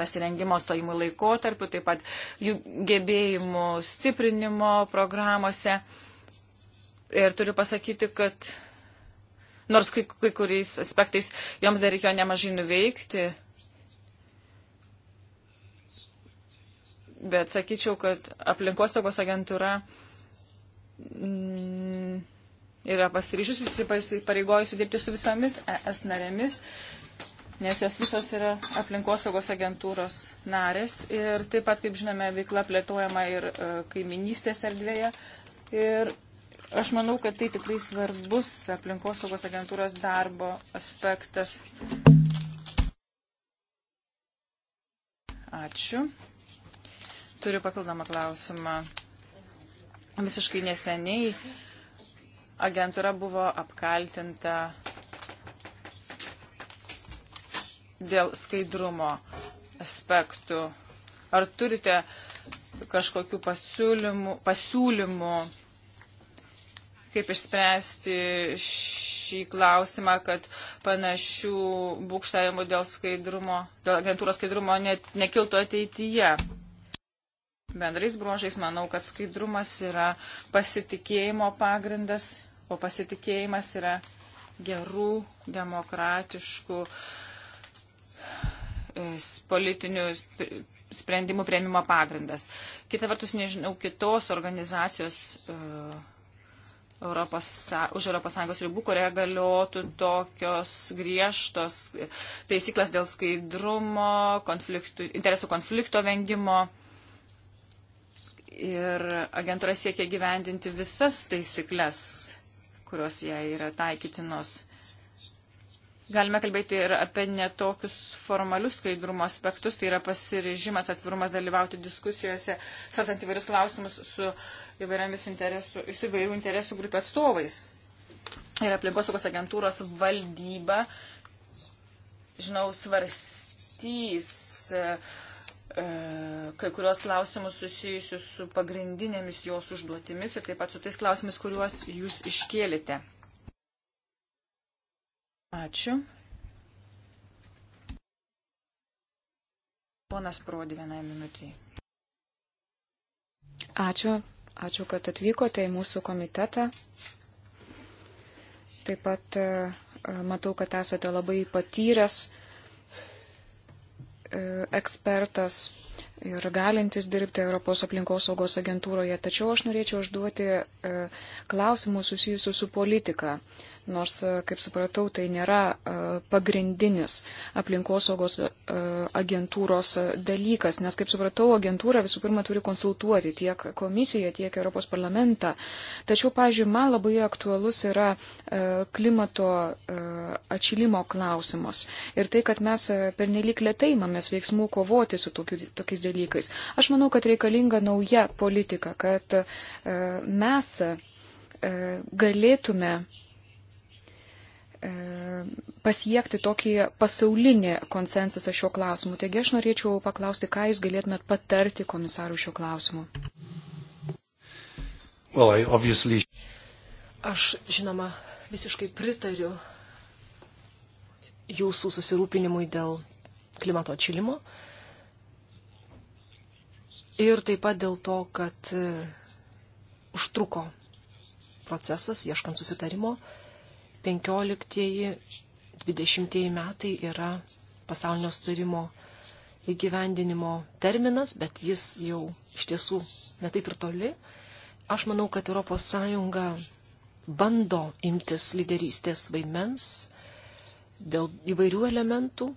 pasirengimo stojimų laikotarpiu, taip pat jų gebėjimų stiprinimo programuose. Ir turiu pasakyti, kad nors kai, kai kuriais aspektais joms dar reikėjo nemažai nuveikti, bet sakyčiau, kad aplinkosaugos agentūra mm, yra pasiryžusi, įsipareigojusi dirbti su visomis ES narėmis nes jos visos yra aplinkosaugos agentūros narės ir taip pat, kaip žinome, veikla plėtojama ir e, kaiminystės erdvėje. Ir aš manau, kad tai tikrai svarbus aplinkosaugos agentūros darbo aspektas. Ačiū. Turiu papildomą klausimą. Visiškai neseniai agentūra buvo apkaltinta dėl skaidrumo aspektų. Ar turite kažkokių pasiūlymų, pasiūlymų kaip išspręsti šį klausimą, kad panašių būkštavimų dėl skaidrumo, dėl agentūros skaidrumo net nekiltų ateityje? Bendrais bruožais manau, kad skaidrumas yra pasitikėjimo pagrindas, o pasitikėjimas yra gerų, demokratiškų uh, politinių sprendimų prieimimo pagrindas. Kita vertus, nežinau kitos organizacijos uh, Europos, už ES ribų, kurioje galiotų tokios griežtos taisyklės dėl skaidrumo, konfliktų, interesų konflikto vengimo. Ir agentūra siekia gyvendinti visas taisyklės, kurios jai yra taikytinos. Galime kalbėti ir apie netokius formalius skaidrumo aspektus, tai yra pasirežimas, atvirumas dalyvauti diskusijose, svarstant įvairius klausimus su įvairiamis interesų, su įvairių interesų grupių atstovais. Ir aplinkosaugos agentūros valdyba, žinau, svarstys e, e, kai kurios klausimus susijusius su pagrindinėmis jos užduotimis ir taip pat su tais klausimais, kuriuos jūs iškėlite. Ačiū. Ponas Prodi vienai minutiai. Ačiū. Ačiū, kad atvykote į mūsų komitetą. Taip pat e, matau, kad esate labai patyręs e, ekspertas ir galintis dirbti Europos aplinkos saugos agentūroje. Tačiau aš norėčiau užduoti e, klausimus susijusius su politika nors, e, kaip supratau, tai nėra e, pagrindinis aplinkosaugos e, agentūros dalykas, nes, kaip supratau, agentūra visų pirma turi konsultuoti tiek komisiją, tiek Europos parlamentą. Tačiau, pažiūrėjau, man labai aktualus yra klimato atšilimo klausimas ir tai, kad mes pernelyg lietai mamės veiksmų kovoti su tokiu, tokiais dalykais. Aš manau, kad reikalinga nauja politika, kad mes galėtume E, pasiekti tokį pasaulinį konsensusą šiuo klausimu. Taigi aš norėčiau paklausti, ką Jūs galėtumėt patarti komisarų šiuo klausimu. Well, I obviously... Aš, žinoma, visiškai pritariu Jūsų susirūpinimui dėl klimato atšilimo ir taip pat dėl to, kad e, užtruko procesas ieškant susitarimo. Uh, 15-20 metai yra pasaulinio starimo įgyvendinimo terminas, bet jis jau iš tiesų netaip ir toli. Aš manau, kad ES bando imtis lyderystės vaidmens dėl įvairių elementų.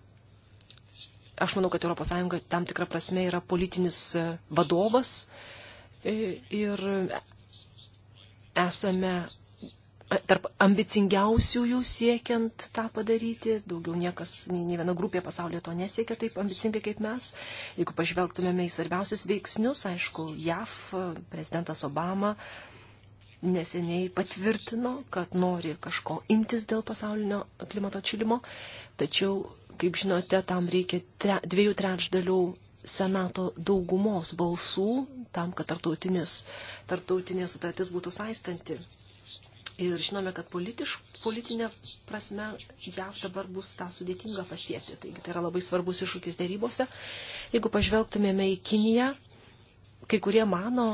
Aš manau, kad ES tam tikrą prasme yra politinis vadovas e, ir esame tarp ambicingiausiųjų siekiant tą padaryti. Daugiau niekas, nei viena grupė pasaulyje to nesiekia taip ambicingai kaip mes. Jeigu pažvelgtumėme į svarbiausius veiksnius, aišku, JAF prezidentas Obama neseniai patvirtino, kad nori kažko imtis dėl pasaulinio klimato atšilimo, tačiau, kaip žinote, tam reikia tre, dviejų trečdalių senato daugumos balsų tam, kad tarptautinės sutartis būtų saistanti. Ir žinome, kad politiš, politinė prasme JAV dabar bus tą sudėtingą pasiekti. Taigi tai yra labai svarbus iššūkis dėrybose. Jeigu pažvelgtumėme į Kiniją, kai kurie mano,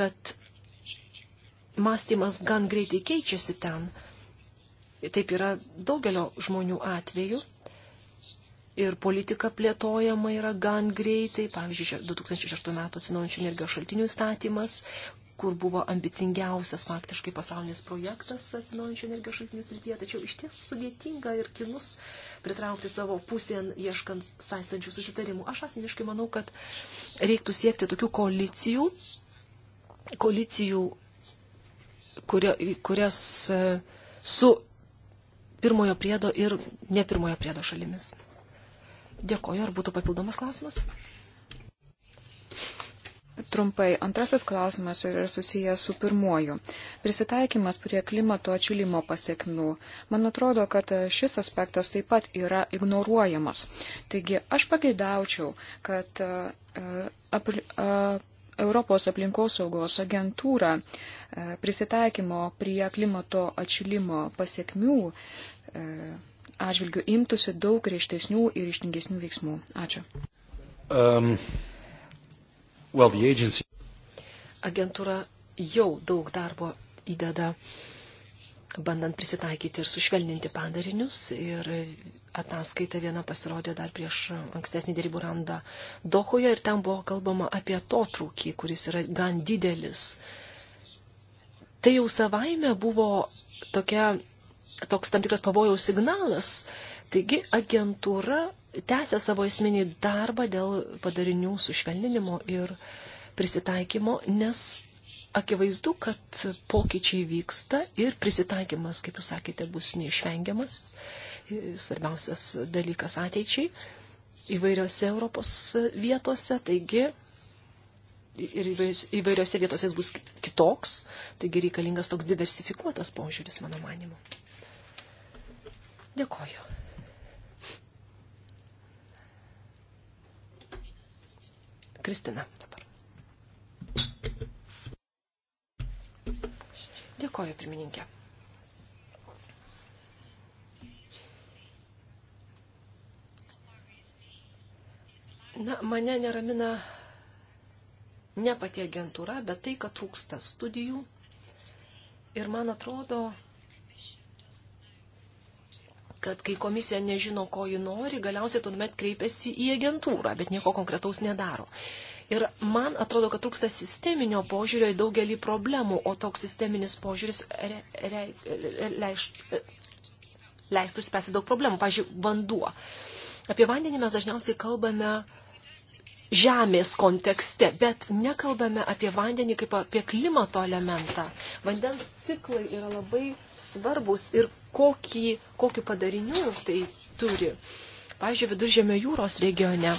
kad mąstymas gan greitai keičiasi ten. Taip yra daugelio žmonių atveju. Ir politika plėtojama yra gan greitai, pavyzdžiui, 2006 metų atsinaujančių energijos šaltinių įstatymas, kur buvo ambicingiausias faktiškai pasaulinis projektas atsinaujančių energijos šaltinių srityje, tačiau iš ties sudėtinga ir kinus pritraukti savo pusėn, ieškant saistančių susitarimų. Aš asmeniškai manau, kad reiktų siekti tokių koalicijų, koalicijų, kurio, kurias e, su pirmojo priedo ir ne pirmojo priedo šalimis. Dėkoju, ar būtų papildomas klausimas? Trumpai, antrasis klausimas yra susijęs su pirmuoju. Prisitaikymas prie klimato atšilimo pasiekmių. Man atrodo, kad šis aspektas taip pat yra ignoruojamas. Taigi aš pageidaučiau, kad e, apl e, Europos aplinkosaugos agentūra e, prisitaikymo prie klimato atšilimo pasiekmių atžvilgių imtųsi daug griežtesnių ir ištingesnių veiksmų. Ačiū. Um. Well, the agency... Agentūra jau daug darbo įdeda, bandant prisitaikyti ir sušvelninti padarinius. Ir ataskaita viena pasirodė dar prieš ankstesnį dėrybų randą Dohoje ir ten buvo kalbama apie atotrūkį, kuris yra gan didelis. Tai jau savaime buvo tokia, toks tam tikras pavojaus signalas. Taigi agentūra tęsia savo esminį darbą dėl padarinių sušvelninimo ir prisitaikymo, nes akivaizdu, kad pokyčiai vyksta ir prisitaikymas, kaip jūs sakėte, bus neišvengiamas, svarbiausias dalykas ateičiai įvairiose Europos vietose, taigi ir įvairiose vietose jis bus kitoks, taigi reikalingas toks diversifikuotas požiūris, mano manimu. Dėkoju. Kristina dabar. Dėkoju, pirmininkė. Na, mane neramina ne pati agentūra, bet tai, kad trūksta studijų. Ir man atrodo, kad kai komisija nežino, ko ji nori, galiausiai tuomet kreipiasi į agentūrą, bet nieko konkretaus nedaro. Ir man atrodo, kad trūksta sisteminio požiūrio į daugelį problemų, o toks sisteminis požiūris re, re, leiš, leistų spręsti daug problemų. Pavyzdžiui, vanduo. Apie vandenį mes dažniausiai kalbame žemės kontekste, bet nekalbame apie vandenį kaip apie klimato elementą. Vandens ciklai yra labai svarbus ir kokį, kokiu padariniu tai turi. Pavyzdžiui, Viduržėmio jūros regione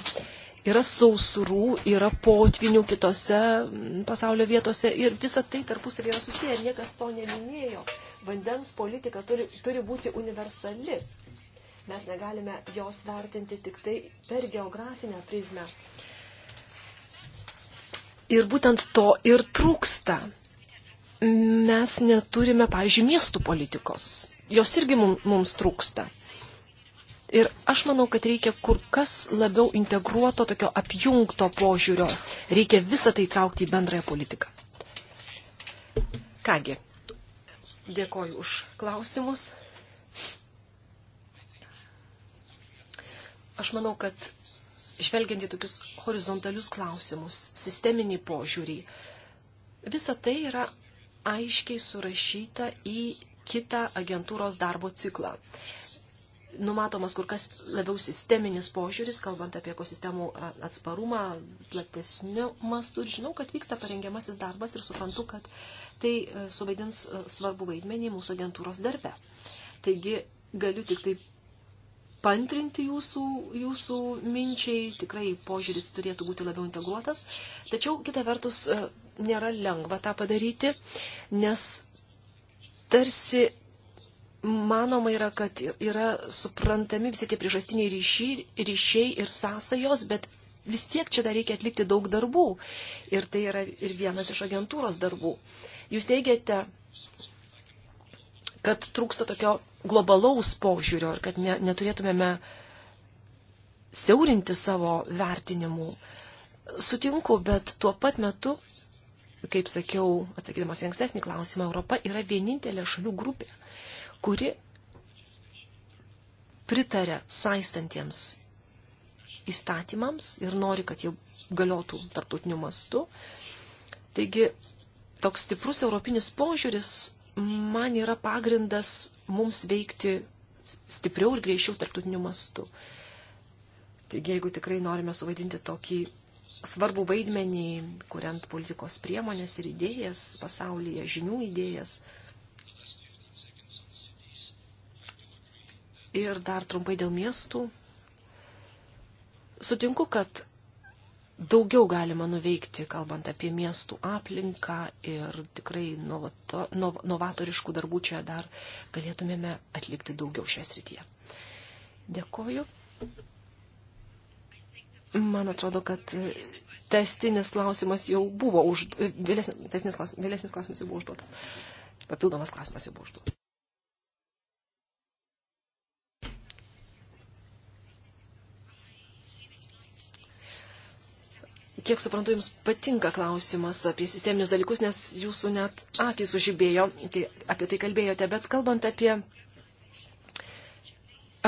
yra sausurų, yra potvinių kitose mm, pasaulio vietose ir visa tai tarpusavį yra susiję, niekas to neminėjo. Vandens politika turi, turi būti universali. Mes negalime jos vertinti tik tai per geografinę prizmę. Ir būtent to ir trūksta. Mes neturime, pavyzdžiui, miestų politikos jos irgi mums trūksta. Ir aš manau, kad reikia kur kas labiau integruoto, tokio apjungto požiūrio. Reikia visą tai traukti į bendrąją politiką. Kągi, dėkoju už klausimus. Aš manau, kad žvelgiant į tokius horizontalius klausimus, sisteminį požiūrį, visa tai yra aiškiai surašyta į kitą agentūros darbo ciklą. Numatomas kur kas labiau sisteminis požiūris, kalbant apie ekosistemų atsparumą platesniu mastu. Ir žinau, kad vyksta parengiamasis darbas ir suprantu, kad tai e, suvaidins e, svarbu vaidmenį mūsų agentūros darbe. Taigi galiu tik taip pantrinti jūsų, jūsų minčiai, tikrai požiūris turėtų būti labiau integruotas, tačiau kita vertus e, nėra lengva tą padaryti, nes tarsi manoma yra, kad yra suprantami visi tie priežastiniai ryšiai, ryšiai ir sąsajos, bet vis tiek čia dar reikia atlikti daug darbų. Ir tai yra ir vienas iš agentūros darbų. Jūs teigiate, kad trūksta tokio globalaus požiūrio ir kad ne, neturėtumėme siaurinti savo vertinimų. Sutinku, bet tuo pat metu kaip sakiau, atsakydamas į ankstesnį klausimą, Europa yra vienintelė šalių grupė, kuri pritarė saistantiems įstatymams ir nori, kad jie galiotų tarptautiniu mastu. Taigi, toks stiprus europinis požiūris man yra pagrindas mums veikti stipriau ir greičiau tarptautiniu mastu. Taigi, jeigu tikrai norime suvaidinti tokį svarbu vaidmenį, kuriant politikos priemonės ir idėjas pasaulyje, žinių idėjas. Ir dar trumpai dėl miestų. Sutinku, kad daugiau galima nuveikti, kalbant apie miestų aplinką ir tikrai novato, nov, novatoriškų darbų čia dar galėtumėme atlikti daugiau šioje srityje. Dėkoju. Man atrodo, kad testinis klausimas jau buvo užduotas. Vėlesnis, klaus, vėlesnis klausimas jau buvo užduotas. Papildomas klausimas jau buvo užduotas. Kiek suprantu, jums patinka klausimas apie sisteminius dalykus, nes jūsų net akis užibėjo, kai apie tai kalbėjote, bet kalbant apie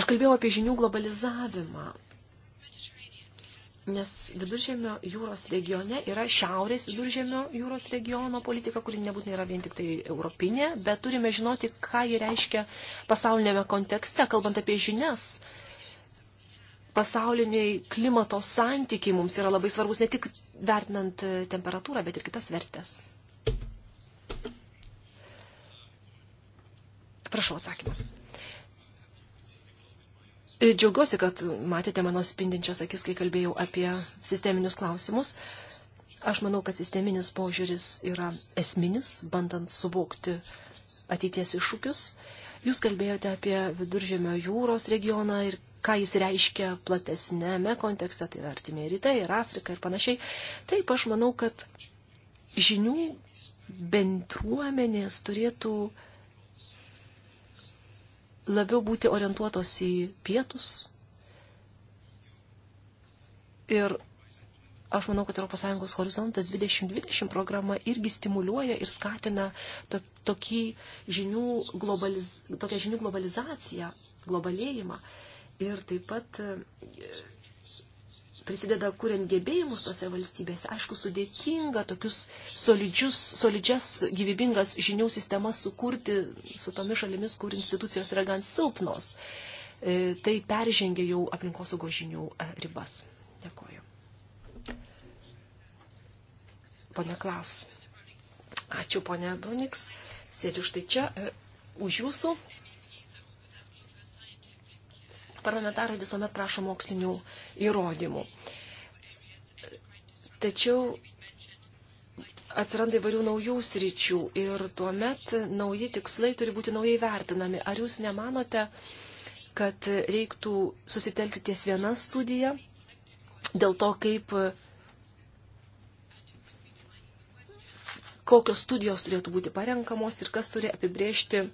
Aš kalbėjau apie žinių globalizavimą Nes viduržėmio jūros regione yra šiaurės viduržėmio jūros regiono politika, kuri nebūtinai yra vien tik tai europinė, bet turime žinoti, ką ji reiškia pasaulinėme kontekste, kalbant apie žinias. Pasauliniai klimato santykiai mums yra labai svarbus ne tik vertinant temperatūrą, bet ir kitas vertės. Prašau atsakymas. Džiaugiuosi, kad matėte mano spindinčias akis, kai kalbėjau apie sisteminius klausimus. Aš manau, kad sisteminis požiūris yra esminis, bandant suvokti ateities iššūkius. Jūs kalbėjote apie viduržėmio jūros regioną ir ką jis reiškia platesnėme kontekste, tai yra artimie rytai ir Afrika ir panašiai. Taip, aš manau, kad žinių bendruomenės turėtų uh, labiau būti orientuotos į pietus. Ir aš manau, kad ES horizontas 2020 programa irgi stimuliuoja ir skatina to, tokį žinių, globaliz, tokią žinių globalizaciją, globalėjimą. Ir taip pat prisideda kuriant gebėjimus tose valstybėse. Aišku, sudėtinga tokius solidžius, solidžias gyvybingas žinių sistemas sukurti su tomis šalimis, kur institucijos yra gan silpnos. E, tai peržengia jau aplinkosaugo žinių e, ribas. Dėkuoju. Pone Klas. Ačiū, pone Bruniks. Sėdžiu štai čia e, už jūsų parlamentarai visuomet prašo mokslinių įrodymų. Tačiau atsiranda įvairių naujų sričių ir tuomet nauji tikslai turi būti naujai vertinami. Ar jūs nemanote, kad reiktų susitelkti ties vieną studiją dėl to, kaip kokios studijos turėtų būti parenkamos ir kas turi apibriežti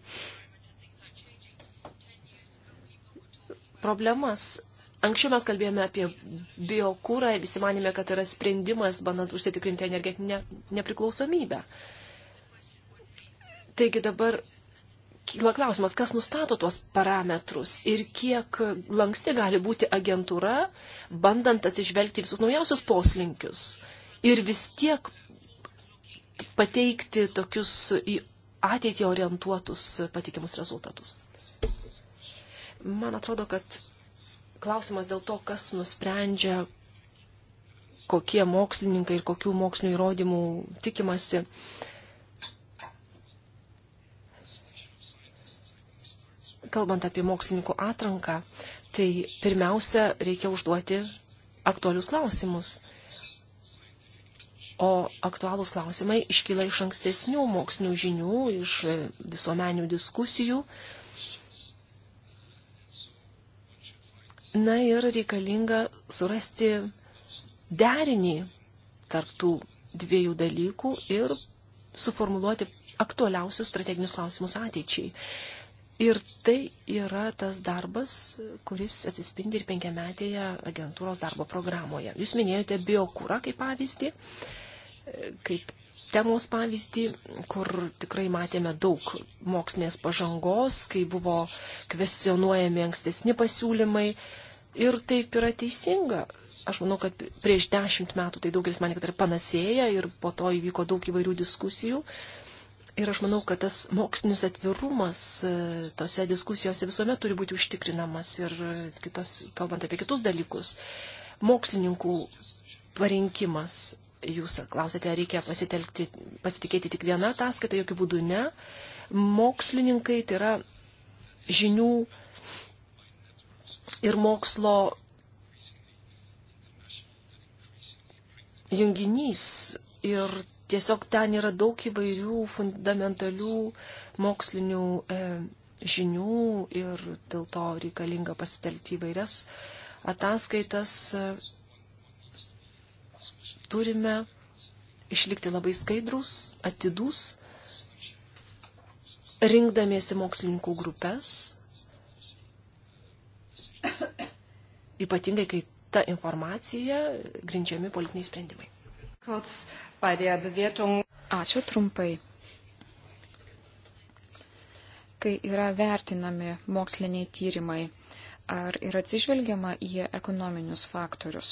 problemas. Anksčiau mes kalbėjome apie biokūrą ir visi manėme, kad yra sprendimas, bandant užsitikrinti energetinę nepriklausomybę. Taigi dabar kyla klausimas, kas nustato tuos parametrus ir kiek lanksti gali būti agentūra, bandant atsižvelgti visus naujausius poslinkius ir vis tiek pateikti tokius į ateitį orientuotus patikimus rezultatus. Man atrodo, kad klausimas dėl to, kas nusprendžia, kokie mokslininkai ir kokių mokslinio įrodymų tikimasi. Kalbant apie mokslininkų atranką, tai pirmiausia, reikia užduoti aktualius klausimus. O aktualūs klausimai iškyla iš ankstesnių mokslinių žinių, iš visuomenių diskusijų, Na ir reikalinga surasti derinį tarptų dviejų dalykų ir suformuluoti aktualiausius strateginius klausimus ateičiai. Ir tai yra tas darbas, kuris atsispindi ir penkiametėje agentūros darbo programoje. Jūs minėjote biokūrą kaip pavyzdį, kaip temos pavyzdį, kur tikrai matėme daug mokslinės pažangos, kai buvo kvestionuojami ankstesni pasiūlymai. Ir taip yra teisinga. Aš manau, kad prieš dešimt metų tai daugelis manė, kad yra panasėja ir po to įvyko daug įvairių diskusijų. Ir aš manau, kad tas mokslinis atvirumas e, tose diskusijose visuomet turi būti užtikrinamas ir e, kitos, kalbant apie kitus dalykus. Mokslininkų parinkimas. Jūs klausėte, ar reikia pasitikėti tik vieną ataskaitą, jokių būdų ne. Mokslininkai tai yra žinių ir mokslo junginys ir tiesiog ten yra daug įvairių fundamentalių mokslinių e, žinių ir dėl to reikalinga pasitelkti įvairias ataskaitas. Turime išlikti labai skaidrus, atidus, rinkdamiesi mokslininkų grupės, Ypatingai, kai ta informacija grindžiami politiniai sprendimai. Ačiū trumpai. Kai yra vertinami moksliniai tyrimai, ar yra atsižvelgiama į ekonominius faktorius?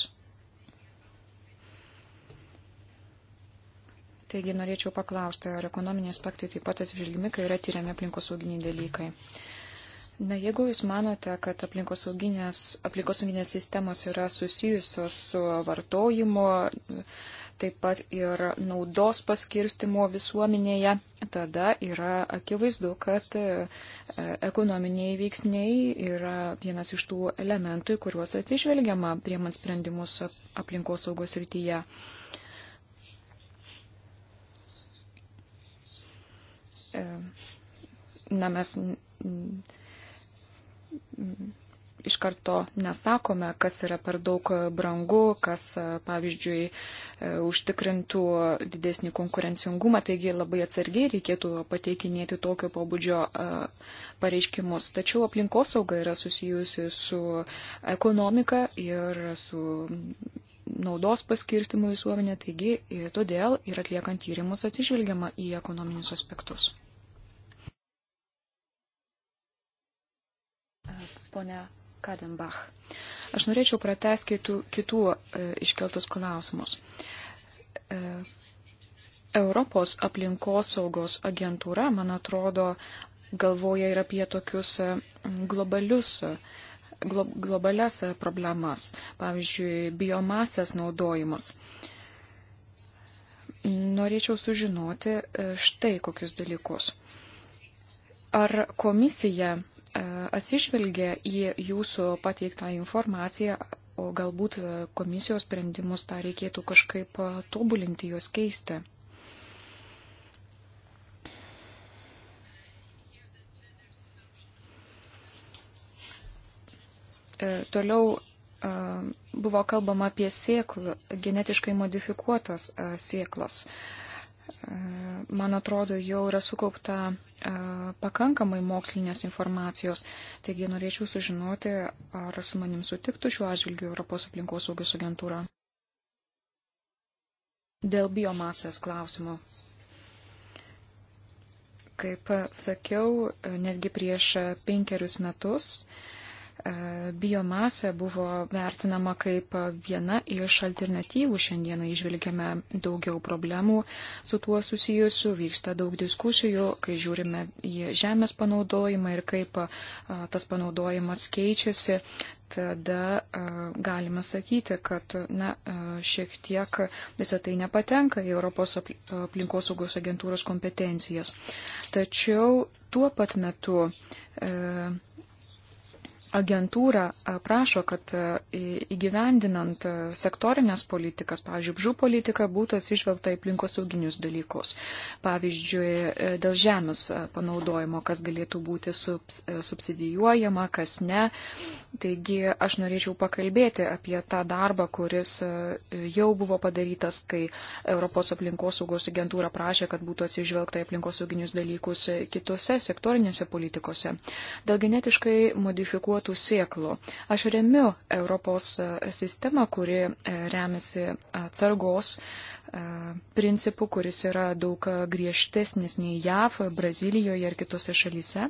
Taigi norėčiau paklausti, ar ekonominiai aspektai taip pat atsižvelgimi, kai yra tyriami aplinkosauginiai dalykai. Na, jeigu jūs manote, kad aplinkosauginės, aplinkosauginės sistemos yra susijusios su vartojimu, taip pat ir naudos paskirstimo visuomenėje, tada yra akivaizdu, kad e, ekonominiai veiksniai yra vienas iš tų elementų, į kuriuos atsižvelgiama priemant sprendimus aplinkosaugos rytyje. E, na, mes iš karto nesakome, kas yra per daug brangu, kas, pavyzdžiui, e, užtikrintų didesnį konkurencingumą, taigi labai atsargiai reikėtų pateikinėti tokio pobūdžio e, pareiškimus. Tačiau aplinkosauga yra susijusi su ekonomika ir su naudos paskirstimu visuomenė, taigi todėl ir atliekant tyrimus atsižvelgiama į ekonominius aspektus. ponia Kadenbach. Aš norėčiau pratęs kitų, kitų e, iškeltus klausimus. E, Europos aplinkosaugos agentūra, man atrodo, galvoja ir apie tokius e, globalius, e, glo, globales e, problemas, pavyzdžiui, biomasės naudojimas. Norėčiau sužinoti štai kokius dalykus. Ar komisija E, atsižvelgia į jūsų pateiktą informaciją, o galbūt komisijos sprendimus tą reikėtų kažkaip e, tobulinti, juos keisti. E, toliau buvo kalbama apie sėklų, genetiškai modifikuotas sėklas. Uh, man atrodo, jau yra sukaupta e, pakankamai mokslinės informacijos. Taigi norėčiau sužinoti, ar su manim sutiktų šiuo atžvilgiu Europos aplinkos saugos agentūra. Dėl biomasės klausimo. Kaip sakiau, e, netgi prieš penkerius metus uh, E, biomasė buvo vertinama kaip viena iš alternatyvų. Šiandieną išvelgiame daugiau problemų su tuo susijusiu, vyksta daug diskusijų, kai žiūrime į žemės panaudojimą ir kaip e, tas panaudojimas keičiasi. Tada e, galima sakyti, kad na, šiek tiek visą tai nepatenka į Europos aplinkosaugos agentūros kompetencijas. Tačiau tuo pat metu e, agentūra prašo, kad įgyvendinant sektorinės politikas, pavyzdžiui, bžų politika būtų atsižvelgta į aplinkosauginius dalykus. Pavyzdžiui, e, dėl žemės panaudojimo, kas galėtų būti e, subsidijuojama, kas ne. Taigi aš norėčiau pakalbėti apie tą darbą, kuris jau buvo padarytas, kai Europos aplinkosaugos agentūra prašė, kad būtų atsižvelgta į aplinkosauginius dalykus e, kitose sektorinėse politikose. Dėl genetiškai modifikuotų tų sieklų. Aš remiu Europos e, sistemą, kuri e, remiasi atsargos e, principu, kuris yra daug griežtesnis nei JAV, Brazilijoje ir kitose šalyse.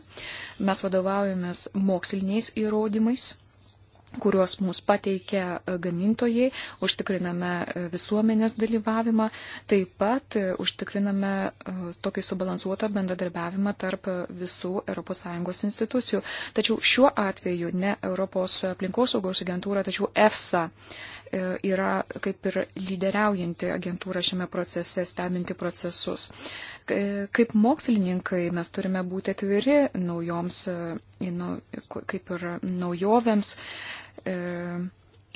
Mes vadovaujamės moksliniais įrodymais kuriuos mums pateikia e, gamintojai, užtikriname e, visuomenės dalyvavimą, taip pat e, užtikriname tokį subalansuotą bendradarbiavimą tarp visų ES institucijų. Tačiau šiuo atveju ne Europos aplinkosaugos agentūra, tačiau EFSA yra kaip ir lyderiaujanti agentūra šiame procese, stebinti procesus. Kaip mokslininkai mes turime būti atviri naujoms, kaip ir naujovėms E,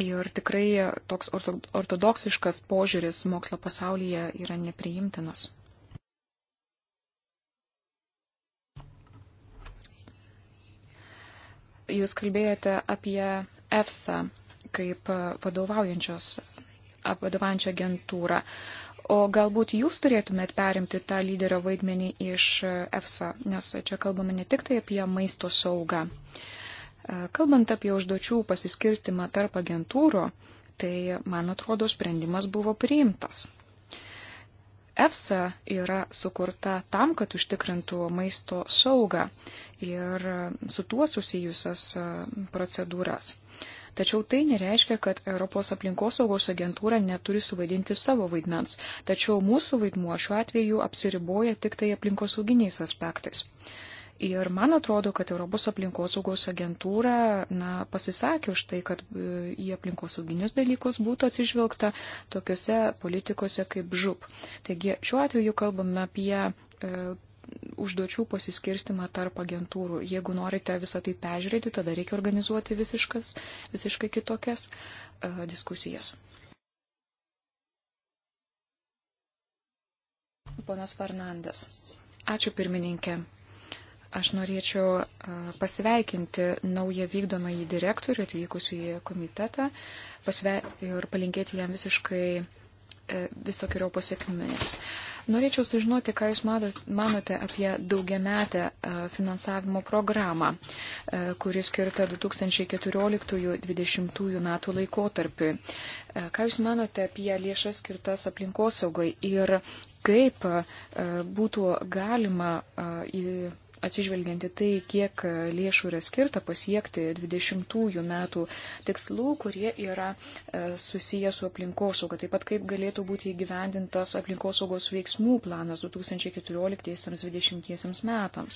ir tikrai toks ortodoksiškas požiūris mokslo pasaulyje yra nepriimtinas. Jūs kalbėjote apie EFSA kaip vadovaujančios, vadovaujančią agentūrą. O galbūt jūs turėtumėt perimti tą lyderio vaidmenį iš EFSA, nes čia kalbame ne tik tai apie maisto saugą. Uh, E, kalbant apie užduočių pasiskirstimą tarp agentūrų, tai, man atrodo, sprendimas buvo priimtas. EFSA yra sukurta tam, kad užtikrintų maisto saugą ir su tuo susijusias e, procedūras. Tačiau tai nereiškia, kad Europos aplinkosaugos agentūra neturi suvaidinti savo vaidmens, tačiau mūsų vaidmuo šiuo atveju apsiriboja tik tai aplinkosauginiais aspektais. Ir man atrodo, kad Europos aplinkosaugos agentūra na, pasisakė už tai, kad e, į aplinkosauginius dalykus būtų atsižvelgta tokiuose politikose kaip žup. Taigi šiuo atveju kalbame apie e, užduočių pasiskirstimą tarp agentūrų. Jeigu norite visą tai pežiūrėti, tada reikia organizuoti visiškas, visiškai kitokias e, diskusijas. Ponas Fernandas. Ačiū pirmininkė. Aš norėčiau pasveikinti naują vykdomąjį direktorių atvykusį į komitetą pasve... ir palinkėti jam visiškai e, visokiojo pasiekmės. Norėčiau sužinoti, ką Jūs manote apie daugiametę finansavimo programą, kuri skirta 2014-2020 metų laikotarpiu. Ką Jūs manote apie lėšas skirtas aplinkosaugai ir kaip būtų galima atsižvelgianti tai, kiek lėšų yra skirta pasiekti 20-ųjų metų tikslų, kurie yra e, susiję su aplinkosauga. Taip pat kaip galėtų būti įgyvendintas aplinkosaugos veiksmų planas 2014-2020 metams.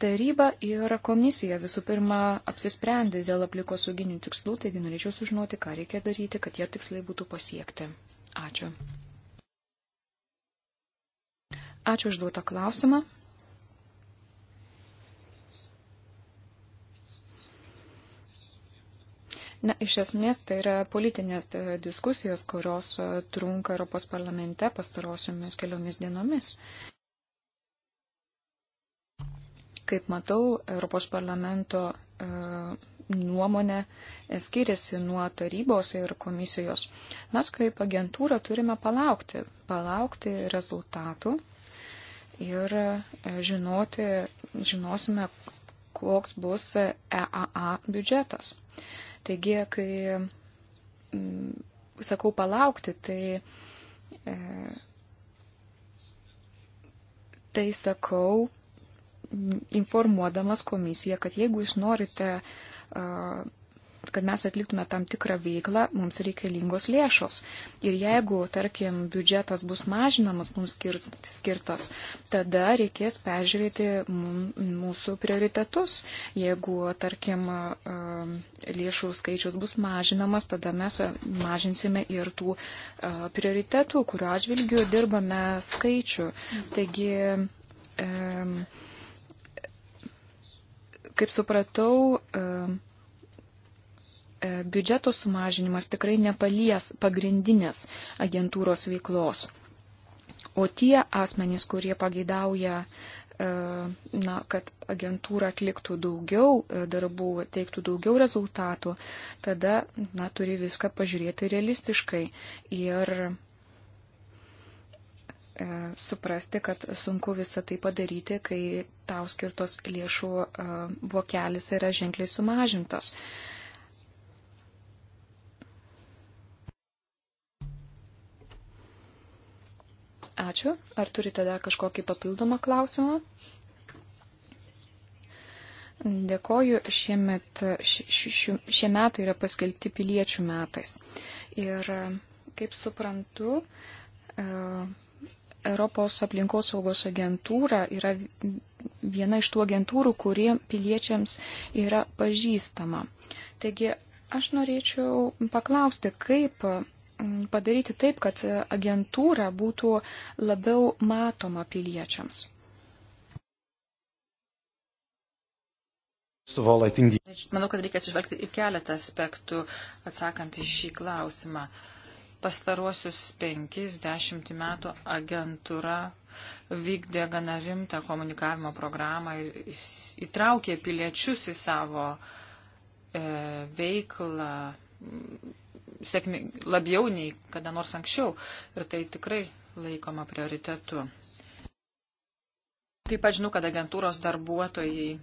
Taryba ir komisija visų pirma apsisprendė dėl aplinkosauginių tikslų, taigi norėčiau sužinoti, ką reikia daryti, kad tie tikslai būtų pasiekti. Ačiū. Ačiū užduotą klausimą. Na, iš esmės tai yra politinės e, diskusijos, kurios e, trunka Europos parlamente pastarosiomis keliomis dienomis. Kaip matau, Europos parlamento e, nuomonė skiriasi nuo tarybos ir komisijos. Mes kaip agentūra turime palaukti, palaukti rezultatų ir žinoti, žinosime, koks bus EAA biudžetas. Taigi, kai mm, sakau palaukti, tai, e, tai sakau mm, informuodamas komisiją, kad jeigu jūs norite e, kad mes atliktume tam tikrą veiklą, mums reikalingos lėšos. Ir jeigu, tarkim, biudžetas bus mažinamas mums skirtas, tada reikės peržiūrėti mūsų prioritetus. Jeigu, tarkim, um, lėšų skaičius bus mažinamas, tada mes uh, mažinsime ir tų uh, prioritetų, kurio atžvilgiu dirbame skaičių. Taigi, um, kaip supratau, um, E, biudžeto sumažinimas tikrai nepalies pagrindinės agentūros veiklos. O tie asmenys, kurie pageidauja, e, na, kad agentūra atliktų daugiau e, darbų, teiktų daugiau rezultatų, tada na, turi viską pažiūrėti realistiškai ir suprasti, kad sunku visą tai padaryti, kai tau skirtos lėšų vokelis yra ženkliai sumažintas. Ačiū. Ar turite dar kažkokį papildomą klausimą? Dėkoju, šiemet, šie metai yra paskelbti piliečių metais. Ir kaip suprantu, e, Europos aplinkos saugos agentūra yra viena iš tų agentūrų, kurie piliečiams yra pažįstama. Taigi, aš norėčiau paklausti, kaip Mm, padaryti taip, kad agentūra būtų labiau matoma piliečiams. Manau, kad reikia atsižvelgti į keletą aspektų, atsakant į šį klausimą. Pastaruosius penkis dešimtį metų agentūra vykdė gana rimtą komunikavimo programą ir įtraukė piliečius į savo e, veiklą, sėkmi, labiau nei kada nors anksčiau. Ir tai tikrai laikoma prioritetu. Taip pat žinau, kad agentūros darbuotojai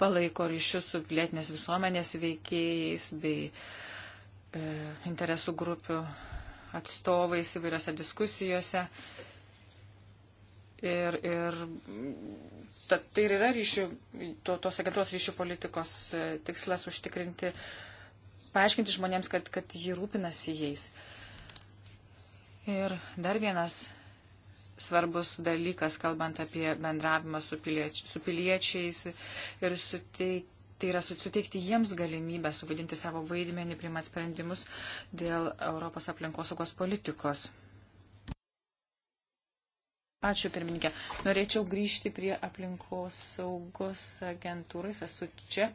palaiko ryšius su pilietinės visuomenės veikėjais bei e, interesų grupių atstovais įvairiose diskusijose. Ir, ir ta, tai ir yra ryšių, to, tos agentūros ryšių politikos e, tikslas užtikrinti paaiškinti žmonėms, kad, kad ji rūpinasi jais. Ir dar vienas svarbus dalykas, kalbant apie bendravimą su, pilieči, su piliečiais ir suteikti. Tai yra suteikti jiems galimybę suvaidinti savo vaidmenį, priimant sprendimus dėl Europos aplinkosaugos politikos. Ačiū, pirmininkė. Norėčiau grįžti prie aplinkosaugos agentūros. Esu čia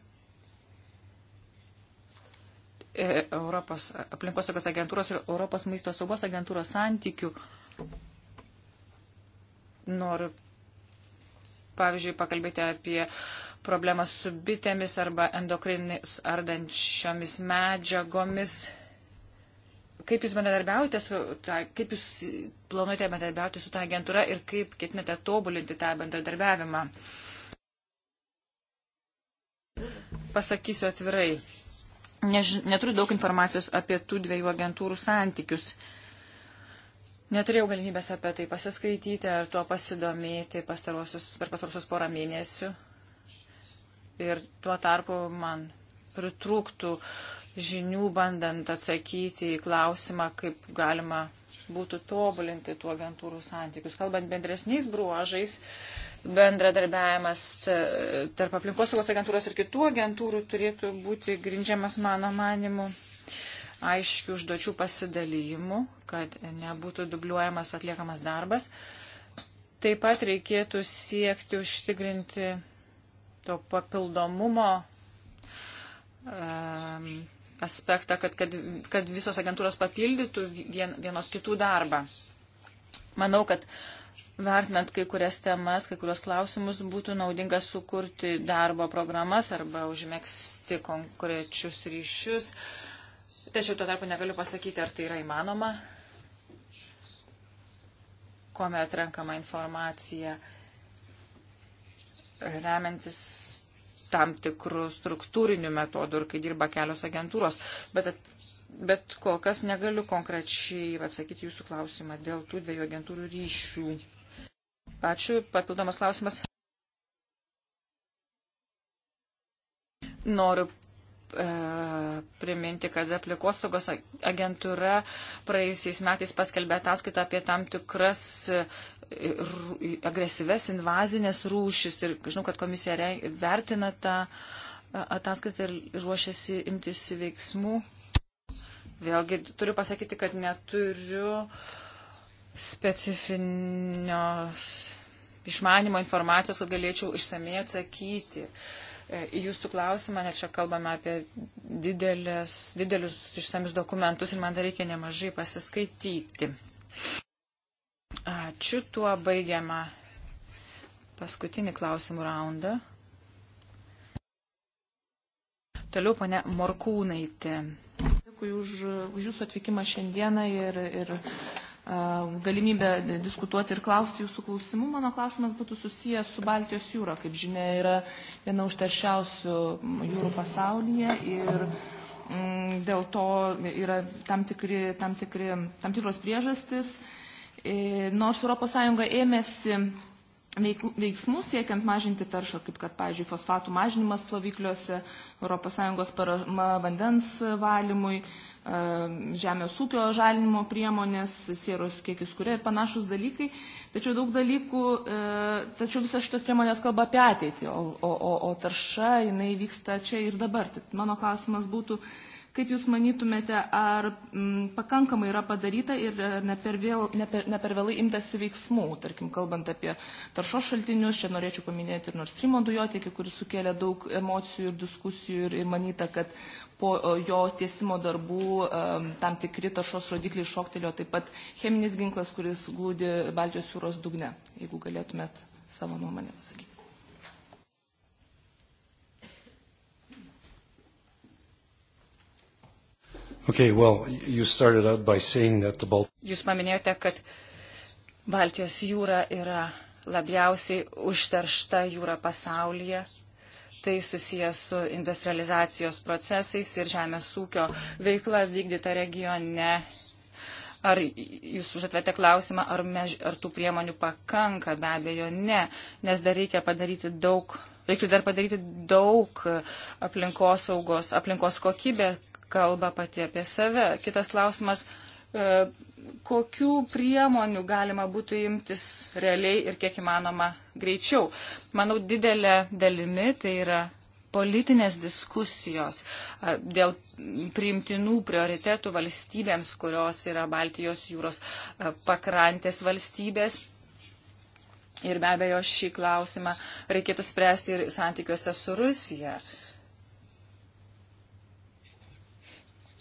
E, Europos aplinkosaugos agentūros ir Europos maisto saugos agentūros santykių. Noriu, pavyzdžiui, pakalbėti apie problemas su bitėmis arba endokrinis ardančiomis medžiagomis. Kaip jūs bendradarbiaujate su, ta, kaip jūs planuojate bendradarbiauti su tą agentūra ir kaip ketinate tobulinti tą bendradarbiavimą? Pasakysiu atvirai Než, neturiu daug informacijos apie tų dviejų agentūrų santykius. Neturėjau galimybės apie tai pasiskaityti ar tuo pasidomėti pastarosius, per pastarosius porą mėnesių. Ir tuo tarpu man pritrūktų žinių bandant atsakyti į klausimą, kaip galima būtų tobulinti tų agentūrų santykius. Kalbant bendresniais bruožais, bendradarbiavimas tarp aplinkosaugos agentūros ir kitų agentūrų turėtų būti grindžiamas, mano manimu, aiškių užduočių pasidalymu, kad nebūtų dubliuojamas atliekamas darbas. Taip pat reikėtų siekti užtikrinti to papildomumo um, aspektą, kad, kad, kad visos agentūros papildytų vien, vienos kitų darbą. Manau, kad vertinant kai kurias temas, kai kurios klausimus, būtų naudinga sukurti darbo programas arba užmėgsti konkrečius ryšius. Tačiau tuo tarpu negaliu pasakyti, ar tai yra įmanoma, kuomet renkama informacija remiantis tam tikrų struktūrinių metodų ir kai dirba kelios agentūros. Bet, bet kol kas negaliu konkrečiai atsakyti jūsų klausimą dėl tų dviejų agentūrų ryšių. Ačiū. Papildomas klausimas. Noriu e, priminti, kad aplikosaugos agentūra praėjusiais metais paskelbė ataskaitą apie tam tikras agresyves invazinės rūšis ir žinau, kad komisija vertina tą ataskaitą ir ruošiasi imtis veiksmų. Vėlgi turiu pasakyti, kad neturiu specifinio išmanimo informacijos, kad galėčiau išsamei atsakyti. E, į jūsų klausimą, nes čia kalbame apie didelės, didelius išsamius dokumentus ir man dar reikia nemažai pasiskaityti. Ačiū, tuo baigiama paskutinį klausimų raundą. Toliau pane Morkūnaitė. Dėkui už, už jūsų atvykimą šiandieną ir, ir galimybę diskutuoti ir klausti jūsų klausimų. Mano klausimas būtų susijęs su Baltijos jūra. Kaip žinia, yra viena užteršiausių jūrų pasaulyje ir mm, dėl to yra tam, tikri, tam, tikri, tam tikros priežastis. Uh, E, nors ES ėmėsi veiksmų siekiant mažinti taršą, kaip kad, pavyzdžiui, fosfatų mažinimas plovykliuose, ES parama vandens valymui, e, žemės ūkio žalinimo priemonės, sieros kiekis, kurie ir panašus dalykai. Tačiau daug dalykų, e, tačiau visos šitos priemonės kalba apie ateitį, o, o, o tarša jinai vyksta čia ir dabar. Tad mano klausimas būtų, Kaip Jūs manytumėte, ar m, mm, pakankamai yra padaryta ir e, ne per, vėl, ne, per, ne per vėlai imtasi veiksmų, tarkim, kalbant apie taršos šaltinius, čia norėčiau paminėti ir Nord Stream dujotiekį, kuris sukėlė daug emocijų ir diskusijų ir, ir manyta, kad po jo tiesimo darbų e, tam tikri taršos rodikliai šoktelio, taip pat cheminis ginklas, kuris glūdi Baltijos jūros dugne, jeigu galėtumėt savo nuomonę pasakyti. Okay, well, Balt... Jūs paminėjote, kad Baltijos jūra yra labiausiai užteršta jūra pasaulyje. Tai susijęs su industrializacijos procesais ir žemės ūkio veikla vykdyta regione. Ar jūs užatvete klausimą, ar, mež, ar tų priemonių pakanka? Be abejo, ne, nes dar reikia padaryti daug Reiktų dar padaryti daug aplinkosaugos, aplinkos kokybė, kalba pati apie save. Kitas klausimas, e, kokių priemonių galima būtų imtis realiai ir kiek įmanoma greičiau. Manau, didelė dalimi tai yra politinės diskusijos dėl priimtinų prioritetų valstybėms, kurios yra Baltijos jūros pakrantės valstybės. Ir be abejo, šį klausimą reikėtų spręsti ir santykiuose su Rusija. Uh,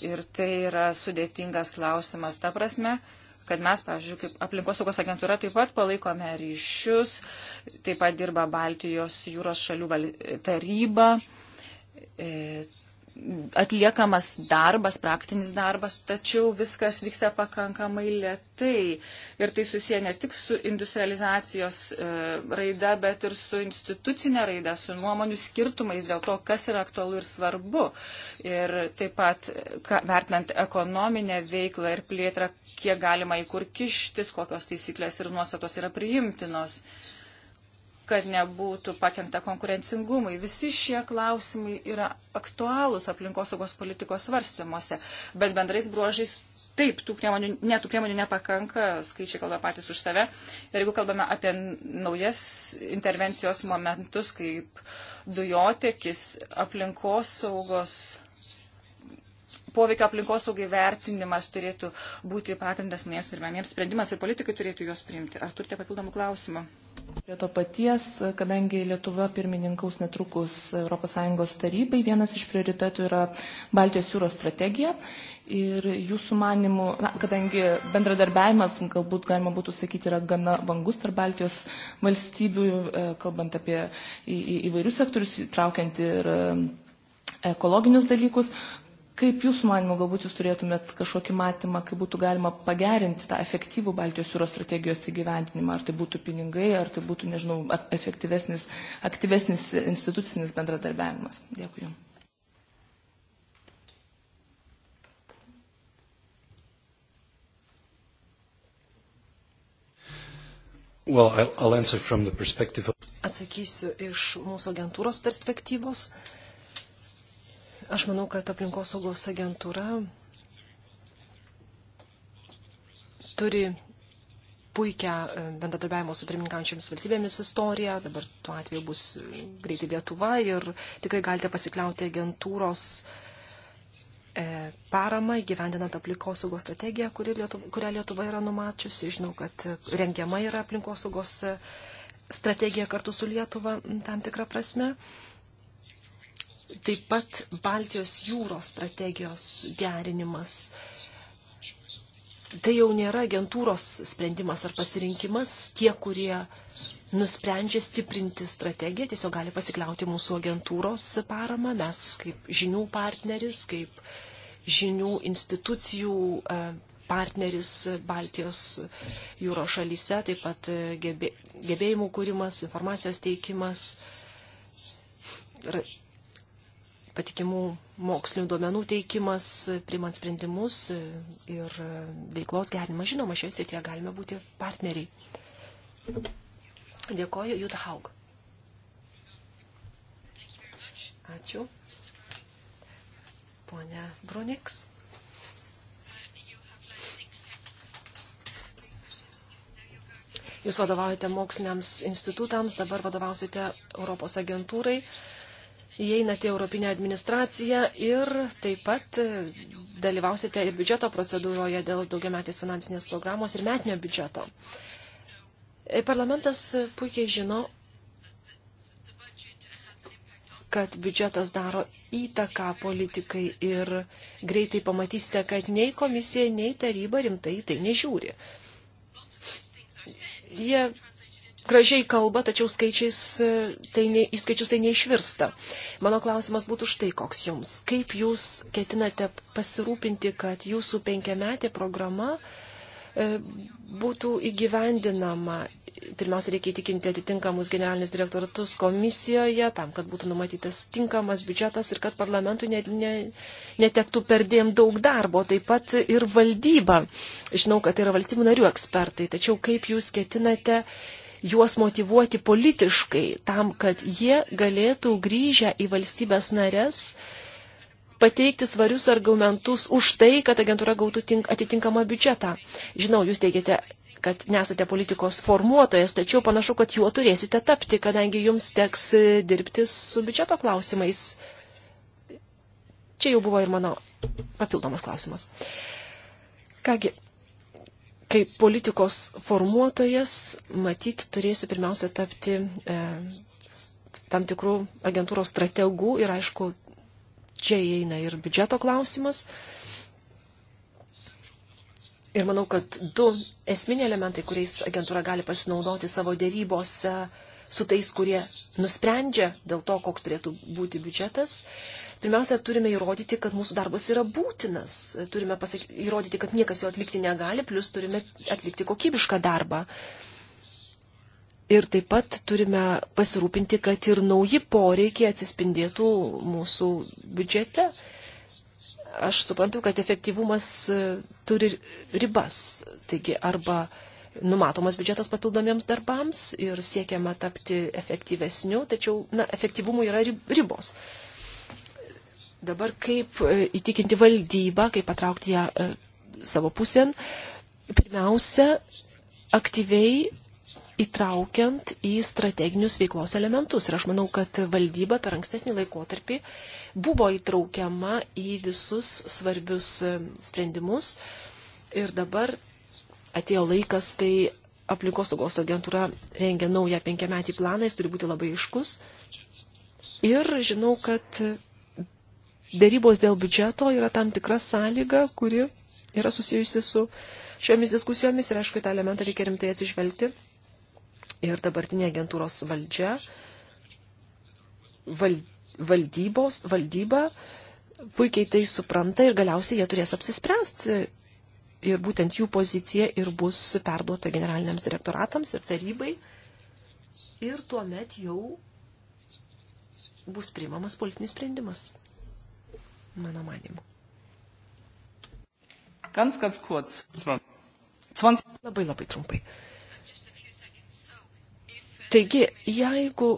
Ir tai yra sudėtingas klausimas. Ta prasme, kad mes, pavyzdžiui, kaip aplinkosaugos agentūra taip pat palaikome ryšius, taip pat dirba Baltijos jūros šalių taryba. E, atliekamas darbas, praktinis darbas, tačiau viskas vyksta pakankamai lietai. Ir tai susiję ne tik su industrializacijos e, raida, bet ir su institucinė raida, su nuomonių skirtumais dėl to, kas yra aktualu ir svarbu. Ir taip pat ka, vertinant ekonominę veiklą ir plėtrą, kiek galima į kur kištis, kokios taisyklės ir nuostatos yra priimtinos. E, kad nebūtų pakengta konkurencingumui. Visi šie klausimai yra aktualūs aplinkosaugos politikos svarstymuose, bet bendrais bruožais taip, tų priemonių, ne, tų priemonių nepakanka, skaičiai kalba patys už save. Ir jeigu kalbame apie naujas intervencijos momentus, kaip dujotekis, aplinkosaugos poveikio aplinkosaugai vertinimas turėtų būti pagrindas naujiems pirmiems sprendimams ir politikai turėtų juos priimti. Ar turite papildomų klausimų? Prie to paties, kadangi Lietuva pirmininkaus netrukus ES tarybai, vienas iš prioritetų yra Baltijos jūros strategija. Ir jūsų manimų, na, kadangi bendradarbiavimas, galbūt galima būtų sakyti, yra gana vangus tarp Baltijos valstybių, e, kalbant apie į, į, įvairius sektorius, traukiant ir e, ekologinius dalykus, Kaip Jūsų manimo, galbūt Jūs turėtumėt kažkokį matymą, kaip būtų galima pagerinti tą efektyvų Baltijos jūros strategijos įgyventinimą, ar tai būtų pinigai, ar tai būtų, nežinau, efektyvesnis, aktyvesnis institucinis bendradarbiavimas. Dėkui Jums. Well, I'll answer from the perspective of... Atsakysiu iš mūsų agentūros perspektyvos. Uh, Aš manau, kad aplinkosaugos agentūra turi puikią e, bendradarbiavimo su pirmininkančiomis valstybėmis istoriją. Dabar tuo atveju bus e, greitai Lietuva ir tikrai galite pasikliauti agentūros e, paramą gyvendinant aplinkosaugos strategiją, kuri Lietuva, kurią Lietuva yra numačiusi. Žinau, kad rengiama yra aplinkosaugos strategija kartu su Lietuva tam tikrą prasme. Taip pat Baltijos jūros strategijos gerinimas. Tai jau nėra agentūros sprendimas ar pasirinkimas. Tie, kurie nusprendžia stiprinti strategiją, tiesiog gali pasikliauti mūsų agentūros parama. Mes kaip žinių partneris, kaip žinių institucijų e, partneris Baltijos jūros šalyse, taip pat e, gebėjimų kūrimas, informacijos teikimas, patikimų mokslinių duomenų teikimas, primant sprendimus ir veiklos gerinimas. Žinoma, šioje srityje galime būti partneriai. Dėkoju, Jutta Haug. Ačiū. Pone Bruniks. Jūs vadovaujate moksliniams institutams, dabar vadovausite Europos agentūrai. Uh, įeinate į Europinę administraciją ir taip pat e, dalyvausite ir biudžeto procedūroje dėl daugiametės finansinės programos ir metinio biudžeto. E, parlamentas puikiai žino, kad biudžetas daro įtaką politikai ir greitai pamatysite, kad nei komisija, nei taryba rimtai tai nežiūri. Jie gražiai kalba, tačiau skaičiais e, tai ne, į skaičius tai neišvirsta. Mano klausimas būtų štai koks jums. Kaip jūs ketinate pasirūpinti, kad jūsų penkiametė programa e, būtų įgyvendinama? Pirmiausia, reikia įtikinti atitinkamus generalinius direktoratus komisijoje, tam, kad būtų numatytas tinkamas biudžetas ir kad parlamentui ne, ne, netektų perdėm daug darbo, taip pat ir valdyba. Žinau, kad tai yra valstybių narių ekspertai, tačiau kaip jūs ketinate juos motivuoti politiškai, tam, kad jie galėtų grįžę į valstybės narės pateikti svarius argumentus už tai, kad agentūra gautų atitinkamą biudžetą. Žinau, jūs teigiate, kad nesate politikos formuotojas, tačiau panašu, kad juo turėsite tapti, kadangi jums teks e, dirbti su biudžeto klausimais. Čia jau buvo ir mano papildomas klausimas. Kągi, kaip politikos formuotojas, matyt, turėsiu pirmiausia tapti e, tam tikrų agentūros strategų ir, aišku, čia įeina ir biudžeto klausimas. Ir manau, kad du esminiai elementai, kuriais agentūra gali pasinaudoti savo dėrybose, e, su tais, kurie nusprendžia dėl to, koks turėtų būti biudžetas, pirmiausia, turime įrodyti, kad mūsų darbas yra būtinas. Turime pasak... įrodyti, kad niekas jo atlikti negali, plus turime atlikti kokybišką darbą. Ir taip pat turime pasirūpinti, kad ir nauji poreikiai atsispindėtų mūsų biudžete. Aš suprantu, kad efektyvumas turi ribas. Taigi arba uh, numatomas biudžetas papildomiems darbams ir siekiama tapti efektyvesniu, tačiau na, efektyvumų yra ribos. Dabar kaip e, įtikinti valdybą, kaip patraukti ją e, savo pusėn. Pirmiausia, aktyviai įtraukiant į strateginius veiklos elementus. Ir aš manau, kad valdyba per ankstesnį laikotarpį buvo įtraukiama į visus svarbius e, sprendimus. Ir dabar atėjo laikas, kai aplinkosaugos agentūra rengia naują penkiametį planą, jis turi būti labai iškus. Ir žinau, kad dėrybos dėl biudžeto yra tam tikra sąlyga, kuri yra susijusi su šiomis diskusijomis ir aišku, tą elementą reikia rimtai atsižvelgti. Ir dabartinė agentūros valdžia, val, valdybos, valdyba puikiai tai supranta ir galiausiai jie turės apsispręsti ir būtent jų pozicija ir bus perduota generaliniams direktoratams ir tarybai. Ir tuomet jau bus priimamas politinis sprendimas, mano manimu. Ganz, ganz kurz. 20. Labai labai trumpai. Taigi, jeigu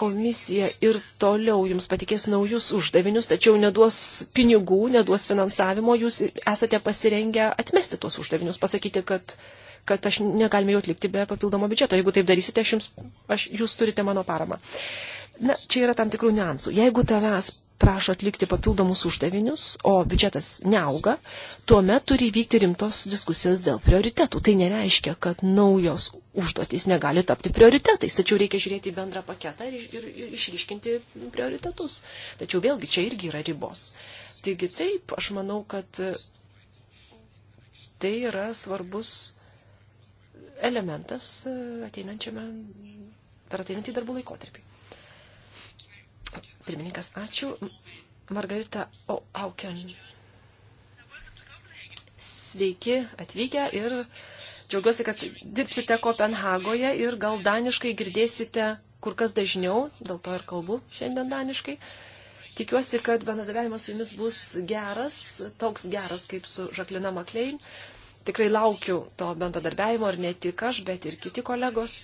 komisija ir toliau jums patikės naujus uždavinius, tačiau neduos pinigų, neduos finansavimo, jūs esate pasirengę atmesti tuos uždavinius, pasakyti, kad, kad aš negalime jų atlikti be papildomo biudžeto. Jeigu taip darysite, aš jums, aš, jūs turite mano paramą. Na, čia yra tam tikrų niansų. Jeigu tavęs prašo atlikti papildomus uždavinius, o biudžetas neauga, tuomet turi vykti rimtos diskusijos dėl prioritetų. Tai nereiškia, kad naujos užduotys negali tapti prioritetais, tačiau reikia žiūrėti į bendrą paketą ir, ir, ir išryškinti prioritetus. Tačiau vėlgi čia irgi yra ribos. Taigi taip, aš manau, kad tai yra svarbus elementas e, ateinančiame per ateinantį darbų laikotarpį. Pirmininkas, ačiū. Margarita o, Auken. Sveiki atvykę ir džiaugiuosi, kad dirbsite Kopenhagoje ir gal daniškai girdėsite kur kas dažniau, dėl to ir kalbu šiandien daniškai. Tikiuosi, kad bendradavimas su jumis bus geras, toks geras kaip su Žaklina Maklein. Tikrai laukiu to bendradarbiavimo ir ne tik aš, bet ir kiti kolegos.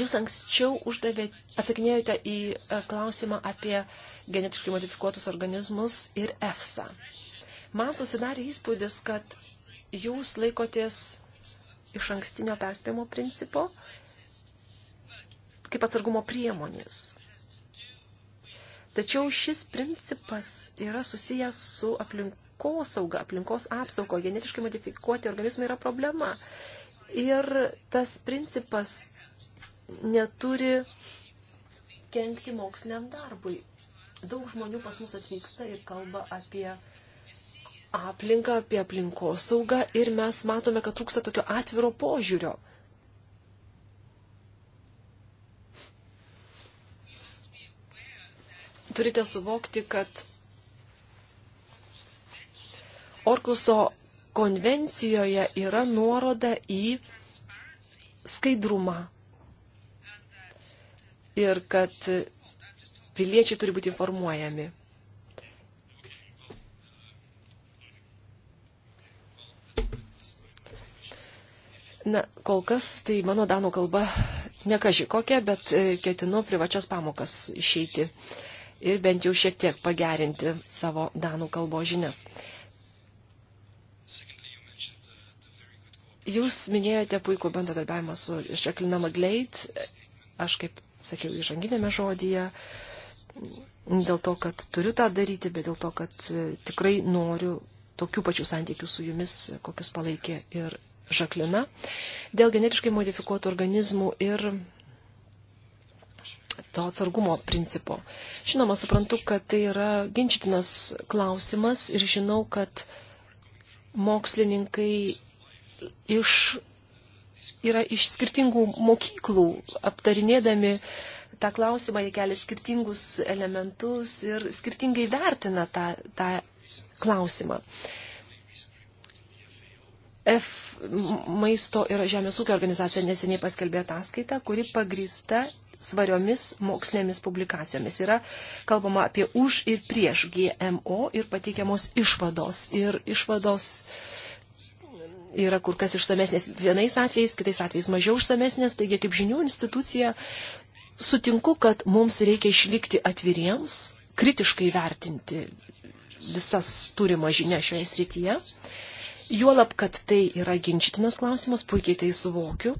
Jūs anksčiau uždavėt, atsakinėjote į e, klausimą apie genetiškai modifikuotus organizmus ir EFSA. Man susidarė įspūdis, kad jūs laikotės iš ankstinio perspėjimo principo kaip atsargumo priemonės. Tačiau šis principas yra susijęs su aplinkosauga, aplinkos apsaugo, genetiškai modifikuoti organizmai yra problema. Ir tas principas neturi kenkti moksliniam darbui. Daug žmonių pas mus atvyksta ir kalba apie aplinką, apie aplinkosaugą ir mes matome, kad trūksta tokio atviro požiūrio. Turite suvokti, kad Orkuso konvencijoje yra nuoroda į skaidrumą, ir kad piliečiai turi būti informuojami. Na, kol kas tai mano danų kalba nekaži kokia, bet e, ketinu privačias pamokas išeiti ir bent jau šiek tiek pagerinti savo danų kalbos žinias. Jūs minėjote puikų bendradarbiavimą su Žaklina Magleit. Aš kaip sakiau įžanginėme žodyje, dėl to, kad turiu tą daryti, bet dėl to, kad e, tikrai noriu tokių pačių santykių su jumis, kokius palaikė ir Žaklina, dėl genetiškai modifikuotų organizmų ir to atsargumo principo. Žinoma, suprantu, kad tai yra ginčytinas klausimas ir žinau, kad mokslininkai iš yra iš skirtingų mokyklų, aptarinėdami tą klausimą, jie kelia skirtingus elementus ir skirtingai vertina tą, tą klausimą. F maisto ir žemės ūkio organizacija neseniai paskelbė ataskaitą, kuri pagrįsta svariomis mokslinėmis publikacijomis. Yra kalbama apie už ir prieš GMO ir pateikiamos išvados. Ir išvados uh, yra kur kas išsamesnės vienais atvejais, kitais atvejais mažiau išsamesnės, taigi kaip žinių institucija sutinku, kad mums reikia išlikti atviriems, kritiškai vertinti visas turimas žinias šioje srityje. Juolab, kad tai yra ginčytinas klausimas, puikiai tai suvokiu.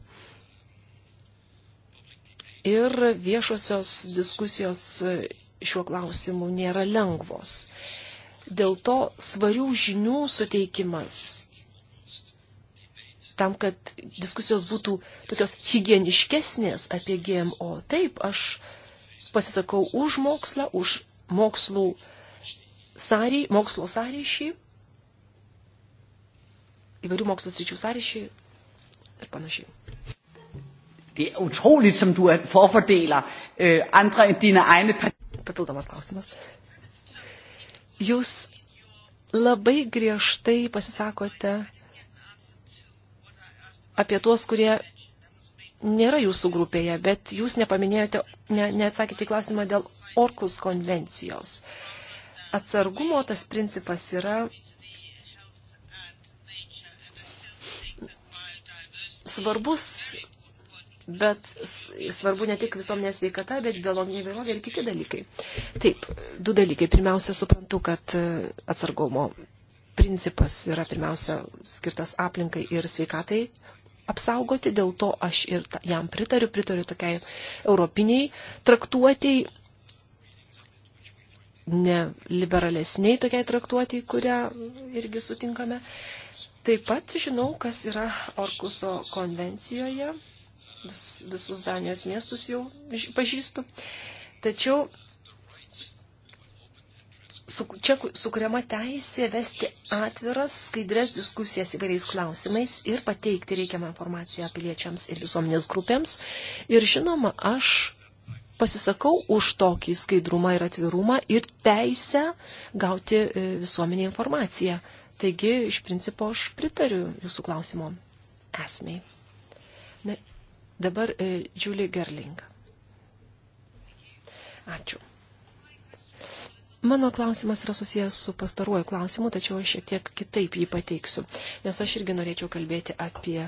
Ir viešosios diskusijos šiuo klausimu nėra lengvos. Dėl to svarių žinių suteikimas tam, kad diskusijos būtų tokios higieniškesnės apie GMO. Taip, aš pasisakau už mokslą, už mokslų sąry, mokslo sąryšį, įvairių mokslo sričių sąryšį ir panašiai. Det er utroligt, som du forfordeler øh, andre end dine egne partier. Papildomas klausimas. Jūs labai griežtai pasisakote apie tuos, kurie nėra jūsų grupėje, bet jūs nepaminėjote, ne, neatsakėte į klausimą dėl Orkus konvencijos. Atsargumo tas principas yra svarbus, bet svarbu ne tik visuomenės veikata, bet biologinė įvairovė ir kiti dalykai. Taip, du dalykai. Pirmiausia, suprantu, kad e, atsargumo principas yra pirmiausia skirtas aplinkai ir sveikatai, apsaugoti, dėl to aš ir jam pritariu, pritariu tokiai europiniai traktuotėjai, ne liberalesniai tokiai traktuotėjai, kurią irgi sutinkame. Taip pat žinau, kas yra Orkuso konvencijoje, Vis, visus Danijos miestus jau pažįstu. Tačiau su, čia sukuriama teisė vesti atviras, skaidres diskusijas įvairiais klausimais ir pateikti reikiamą informaciją piliečiams ir visuomenės grupėms. Ir žinoma, aš pasisakau už tokį skaidrumą ir atvirumą ir teisę gauti e, visuomenį informaciją. Taigi, iš principo, aš pritariu jūsų klausimo esmei. Na, dabar e, Julie Gerling. Ačiū. Mano klausimas yra susijęs su pastaruoju klausimu, tačiau aš šiek tiek kitaip jį pateiksiu, nes aš irgi norėčiau kalbėti apie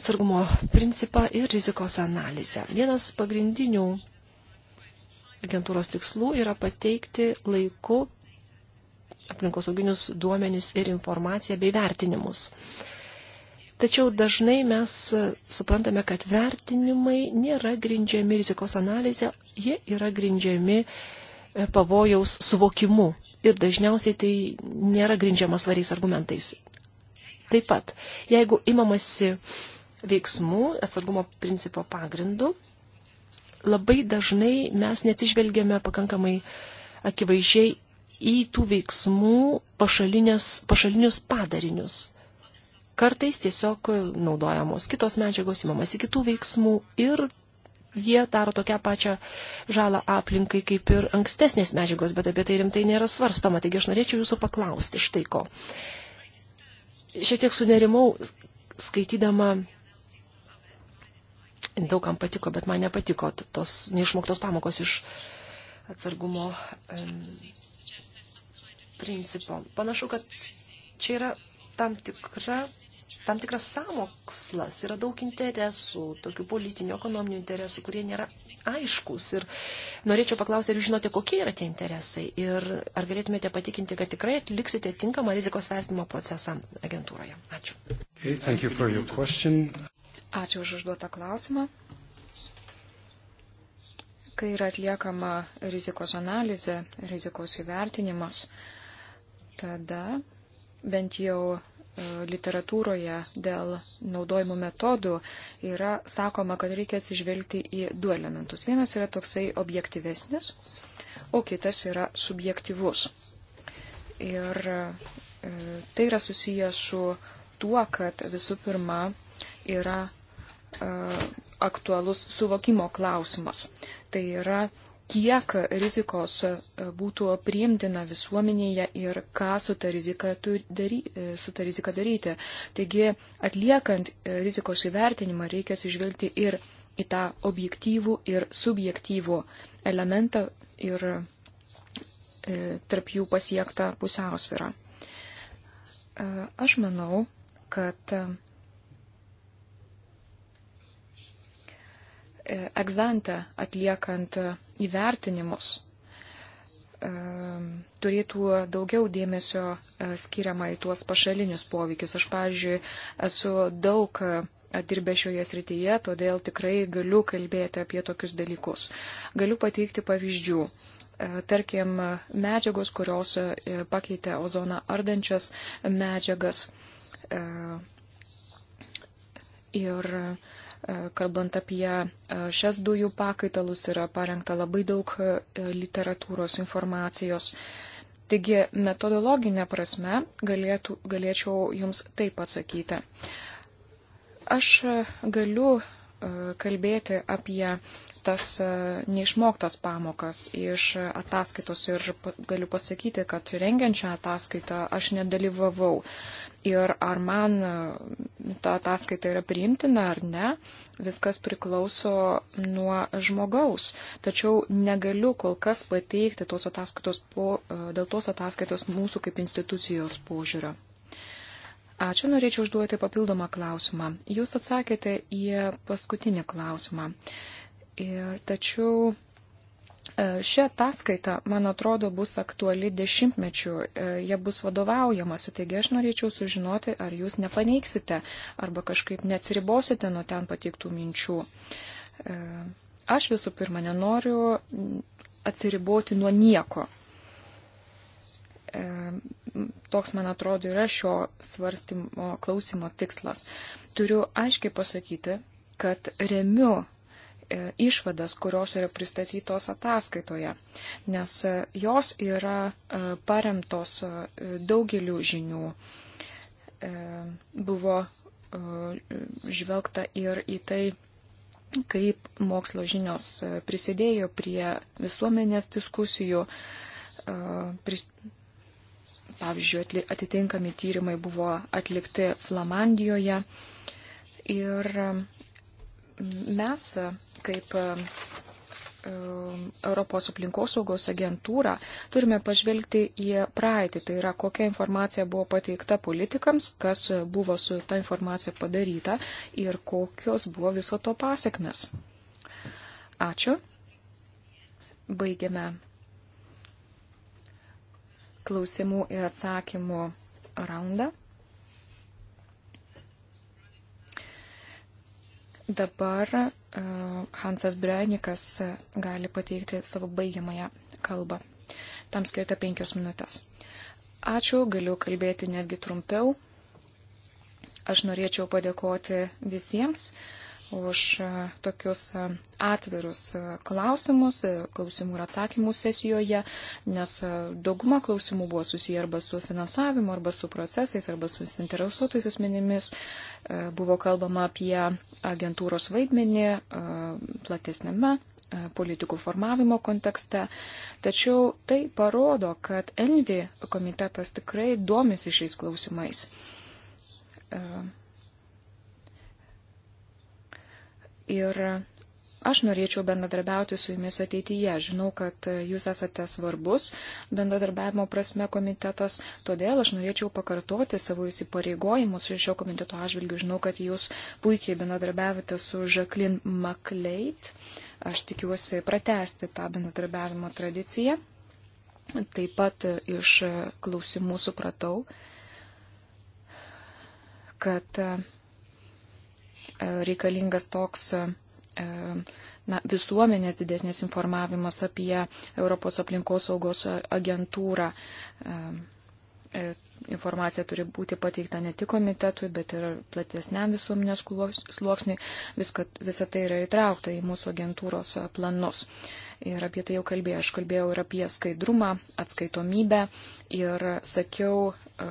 atsargumo principą ir rizikos analizę. Vienas pagrindinių agentūros tikslų yra pateikti laiku aplinkosauginius duomenis ir informaciją bei vertinimus. Tačiau dažnai mes suprantame, kad vertinimai nėra grindžiami rizikos analizė, jie yra grindžiami uh, pavojaus suvokimu. Ir dažniausiai tai nėra grindžiama svariais argumentais. Taip pat, jeigu imamasi veiksmų atsargumo principo pagrindu, labai dažnai mes netižvelgiame pakankamai akivaizdžiai į tų veiksmų pašalinius padarinius. Kartais tiesiog naudojamos kitos medžiagos, imamasi kitų veiksmų ir jie daro tokią pačią žalą aplinkai kaip ir ankstesnės medžiagos, bet apie tai rimtai nėra svarstoma. Taigi aš norėčiau jūsų paklausti štai ko. Šiek tiek sunerimau skaitydama. Daugam patiko, bet man nepatiko tos neišmoktos pamokos iš atsargumo um, principo. Panašu, kad čia yra tam tikra tam tikras samokslas, yra daug interesų, tokių politinių, ekonominių interesų, kurie nėra aiškus. Ir norėčiau paklausti, ar jūs žinote, kokie yra tie interesai ir ar galėtumėte patikinti, kad tikrai atliksite tinkamą rizikos vertimo procesą agentūroje. Ačiū. Okay, you Ačiū už užduotą klausimą. Kai yra atliekama rizikos analizė, rizikos įvertinimas, tada bent jau E, literatūroje dėl naudojimų metodų yra sakoma, kad reikia atsižvelgti į du elementus. Vienas yra toksai objektyvesnis, o kitas yra subjektyvus. Ir e, tai yra susijęs su tuo, kad visų pirma yra e, aktualus suvokimo klausimas. Tai yra kiek rizikos e, būtų priimtina visuomenėje ir ką su ta rizika, dary, e, su ta rizika daryti. Taigi, atliekant e, rizikos įvertinimą, reikia sižvelgti ir į tą objektyvų ir subjektyvų elementą ir e, tarp jų pasiektą pusiausvyrą. E, aš manau, kad e, egzantą atliekant e, įvertinimus e, turėtų daugiau dėmesio e, skiriama į tuos pašalinius poveikius. Aš, pavyzdžiui, esu daug e, dirbę šioje srityje, todėl tikrai galiu kalbėti apie tokius dalykus. Galiu pateikti pavyzdžių. Tarkim, medžiagos, kurios pakeitė ozoną ardančias medžiagas. Ir uh, kalbant apie e, šias dujų pakaitalus, yra parengta labai daug e, literatūros informacijos. Taigi metodologinė prasme galėtų, galėčiau Jums taip atsakyti. Aš e, galiu kalbėti apie tas e, neišmoktas pamokas iš ataskaitos ir galiu pasakyti, kad rengiančią ataskaitą aš nedalyvavau. Ir ar man e, ta ataskaita yra priimtina ar ne, viskas priklauso nuo žmogaus. Tačiau negaliu kol kas pateikti tos ataskaitos po, e, dėl tos ataskaitos mūsų kaip institucijos požiūrio. Ačiū, norėčiau užduoti papildomą klausimą. Jūs atsakėte į paskutinį klausimą. Ir tačiau e, Šią ataskaitą, man atrodo, bus aktuali dešimtmečių, e, jie bus vadovaujamasi, taigi aš norėčiau sužinoti, ar jūs nepaneiksite arba kažkaip neatsiribosite nuo ten pateiktų minčių. E, aš visų pirma nenoriu atsiriboti nuo nieko. Toks, man atrodo, yra šio svarstymo klausimo tikslas. Turiu aiškiai pasakyti, kad remiu E, išvadas, kurios yra pristatytos ataskaitoje, nes e, jos yra e, paremtos daugeliu žinių. Buvo žvelgta ir į tai, kaip mokslo žinios prisidėjo prie visuomenės diskusijų. Pavyzdžiui, atitinkami tyrimai buvo atlikti Flamandijoje. Ir mes kaip e, e, Europos aplinkosaugos agentūrą, turime pažvelgti į praeitį, tai yra kokia informacija buvo pateikta politikams, kas buvo su ta informacija padaryta ir kokios buvo viso to pasiekmes. Ačiū. Baigiame klausimų ir atsakymų raundą. Dabar Hansas Brenikas gali pateikti savo baigiamąją kalbą. Tam skirta penkios minutės. Ačiū, galiu kalbėti netgi trumpiau. Aš norėčiau padėkoti visiems, uh, už e, tokius e, atvirus e, klausimus, klausimų ir atsakymų sesijoje, nes dauguma klausimų buvo susiję arba su finansavimu, arba su procesais, arba su interesuotais asmenimis. Buvo kalbama apie agentūros vaidmenį platesnėme politikų formavimo kontekste. Tačiau tai parodo, kad Envi komitetas tikrai domisi šiais klausimais. Uh Ir aš norėčiau bendradarbiauti su jumis ateityje. Žinau, kad jūs esate svarbus bendradarbiavimo prasme komitetas, todėl aš norėčiau pakartoti savo įsipareigojimus šio komiteto atžvilgių. Žinau, kad jūs puikiai bendradarbiavote su Žaklin Makleit. Aš tikiuosi pratesti tą bendradarbiavimo tradiciją. Taip pat iš klausimų supratau, kad E, reikalingas toks e, na, visuomenės didesnės informavimas apie Europos aplinkosaugos agentūrą e, informacija turi būti pateikta ne tik komitetui, bet ir platesniam visuomenės sluoksniui. Viska, visa tai yra įtraukta į mūsų agentūros planus. Ir apie tai jau kalbėjau. Aš kalbėjau ir apie skaidrumą, atskaitomybę. Ir sakiau, e,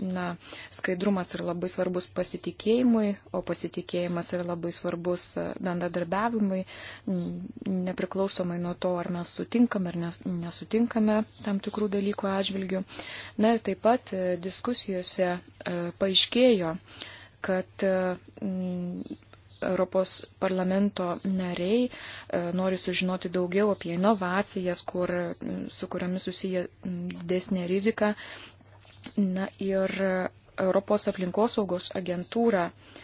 na, skaidrumas yra labai svarbus pasitikėjimui, o pasitikėjimas yra labai svarbus e, bendradarbiavimui, nepriklausomai nuo to, ar mes sutinkame ar nesutinkame tam tikrų dalykų atžvilgių. Na ir taip pat e, diskusijose e, paaiškėjo, kad e, Europos parlamento nariai e, nori sužinoti daugiau apie inovacijas, kur, su kuriamis susiję didesnė rizika. Na ir Europos aplinkosaugos agentūra uh,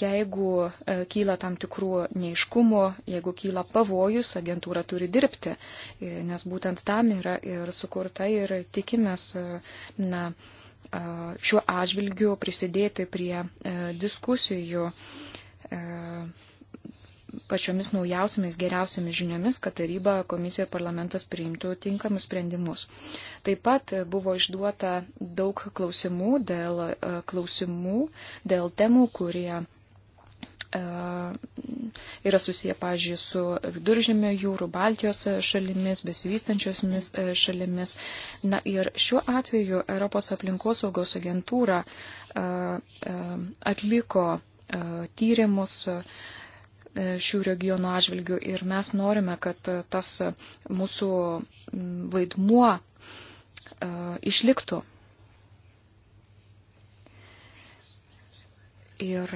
Jeigu e, kyla tam tikrų neiškumų, jeigu kyla pavojus, agentūra turi dirbti, e, nes būtent tam yra ir sukurta ir tikimės e, na, šiuo atžvilgiu prisidėti prie diskusijų pačiomis naujausiamis geriausiamis žiniomis, kad taryba, komisija ir parlamentas priimtų tinkamus sprendimus. Taip pat buvo išduota daug klausimų dėl e, klausimų, dėl temų, kurie e, yra susiję, pažiūrėjau, su viduržėmio jūrų, Baltijos šalimis, besivystančiomis e, šalimis. Na ir šiuo atveju Europos aplinkosaugos agentūra atliko tyrimus E, šių regionų atžvilgių ir mes norime, kad e, tas e, mūsų vaidmuo išliktų. Ir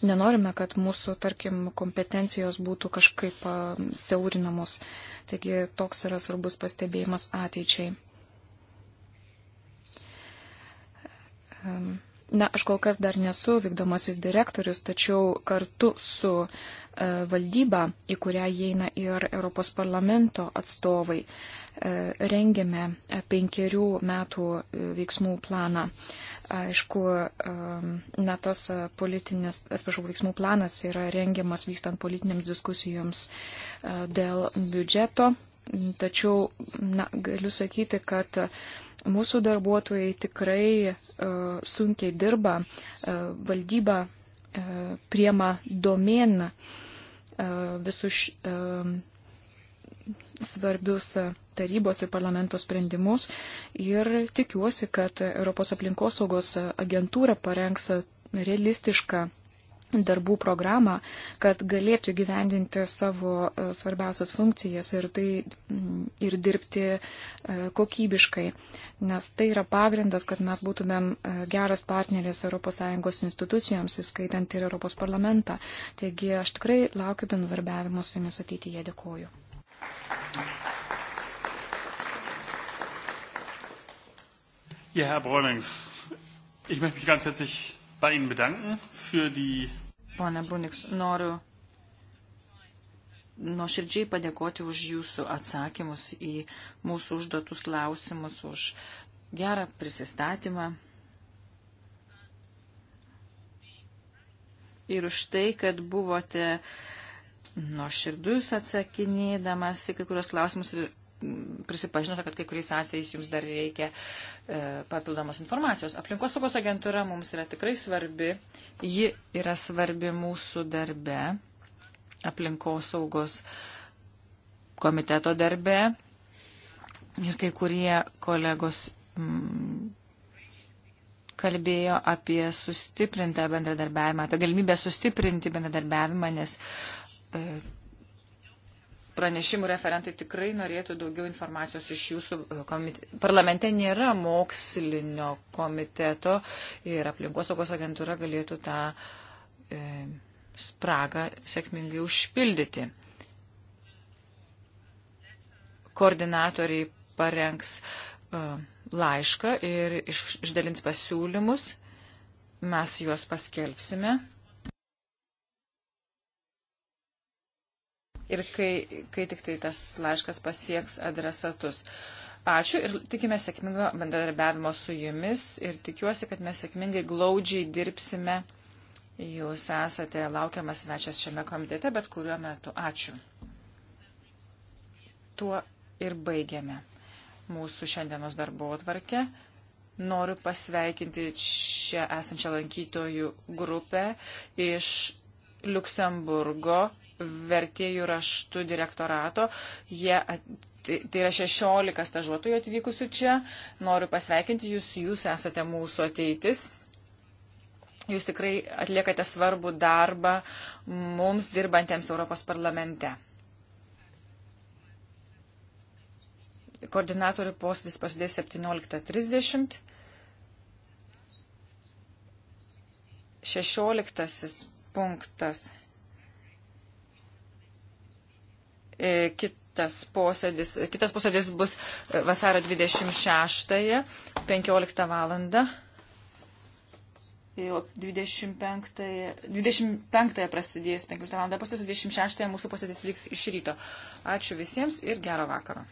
nenorime, kad mūsų, tarkim, kompetencijos būtų kažkaip siaurinamos. Taigi toks yra svarbus pastebėjimas ateičiai. Um Na, aš kol kas dar nesu vykdomasis direktorius, tačiau kartu su e, valdyba, į kurią įeina ir Europos parlamento atstovai, e, rengėme e, penkerių metų e, veiksmų planą. Aišku, e, na, tas e, politinis, atsiprašau, veiksmų planas yra rengiamas vykstant politiniams diskusijoms e, dėl biudžeto, tačiau na, galiu sakyti, kad e, Mūsų darbuotojai tikrai e, sunkiai dirba, e, valdyba e, priema domeną visus svarbius tarybos ir parlamento sprendimus ir tikiuosi, kad Europos aplinkosaugos agentūra parengs realistišką darbų programą, kad galėtų gyvendinti savo e, svarbiausias funkcijas ir, tai, mm, ir dirbti e, kokybiškai. Nes tai yra pagrindas, kad mes būtumėm e, geras partneris ES institucijoms, įskaitant ir ES parlamentą. Taigi aš tikrai laukiu bendradarbiavimo su jumis ateityje. Dėkuoju. Ja, Herr Bräunings, ich möchte mich ganz herzlich bei Ihnen bedanken für die. Pone Bruniks, noriu nuoširdžiai padėkoti už Jūsų atsakymus į mūsų užduotus klausimus, už gerą prisistatymą ir už tai, kad buvote nuoširdus atsakinėdamas į kai kurios klausimus ir prisipažinote, kad kai kuriais atvejais jums dar reikia e, papildomos informacijos. Aplinkosaugos agentūra mums yra tikrai svarbi. Ji yra svarbi mūsų darbe, aplinkosaugos komiteto darbe. Ir kai kurie kolegos mm, kalbėjo apie sustiprintą bendradarbiavimą, apie galimybę sustiprinti bendradarbiavimą, nes e, pranešimų referentai tikrai norėtų daugiau informacijos iš jūsų e, komite... parlamente nėra mokslinio komiteto ir aplinkosaugos agentūra galėtų tą e, spragą sėkmingai užpildyti. Koordinatoriai parengs e, laišką ir iš, išdalins pasiūlymus, mes juos paskelbsime. ir kai, kai tik tai tas laiškas pasieks adresatus. Ačiū ir tikime sėkmingo bendradarbiavimo su jumis ir tikiuosi, kad mes sėkmingai glaudžiai dirbsime. Jūs esate laukiamas svečias šiame komitete, bet kuriuo metu. Ačiū. Tuo ir baigiame mūsų šiandienos darbo atvarkę. Noriu pasveikinti čia esančią lankytojų grupę iš Luksemburgo vertėjų raštų direktorato. Jie, tai, tai yra 16 stažuotojų atvykusių čia. Noriu pasveikinti jūs, jūs esate mūsų ateitis. Jūs tikrai atliekate svarbų darbą mums dirbantiems Europos parlamente. Koordinatorių postis prasidės 17.30. 16 punktas E, kitas posėdis, kitas posėdis bus vasaro 26-ąją, 15 valandą. 25-ąją 25 prasidės 15 val. paskui 26-ąją mūsų posėdis vyks iš ryto. Ačiū visiems ir gero vakaro.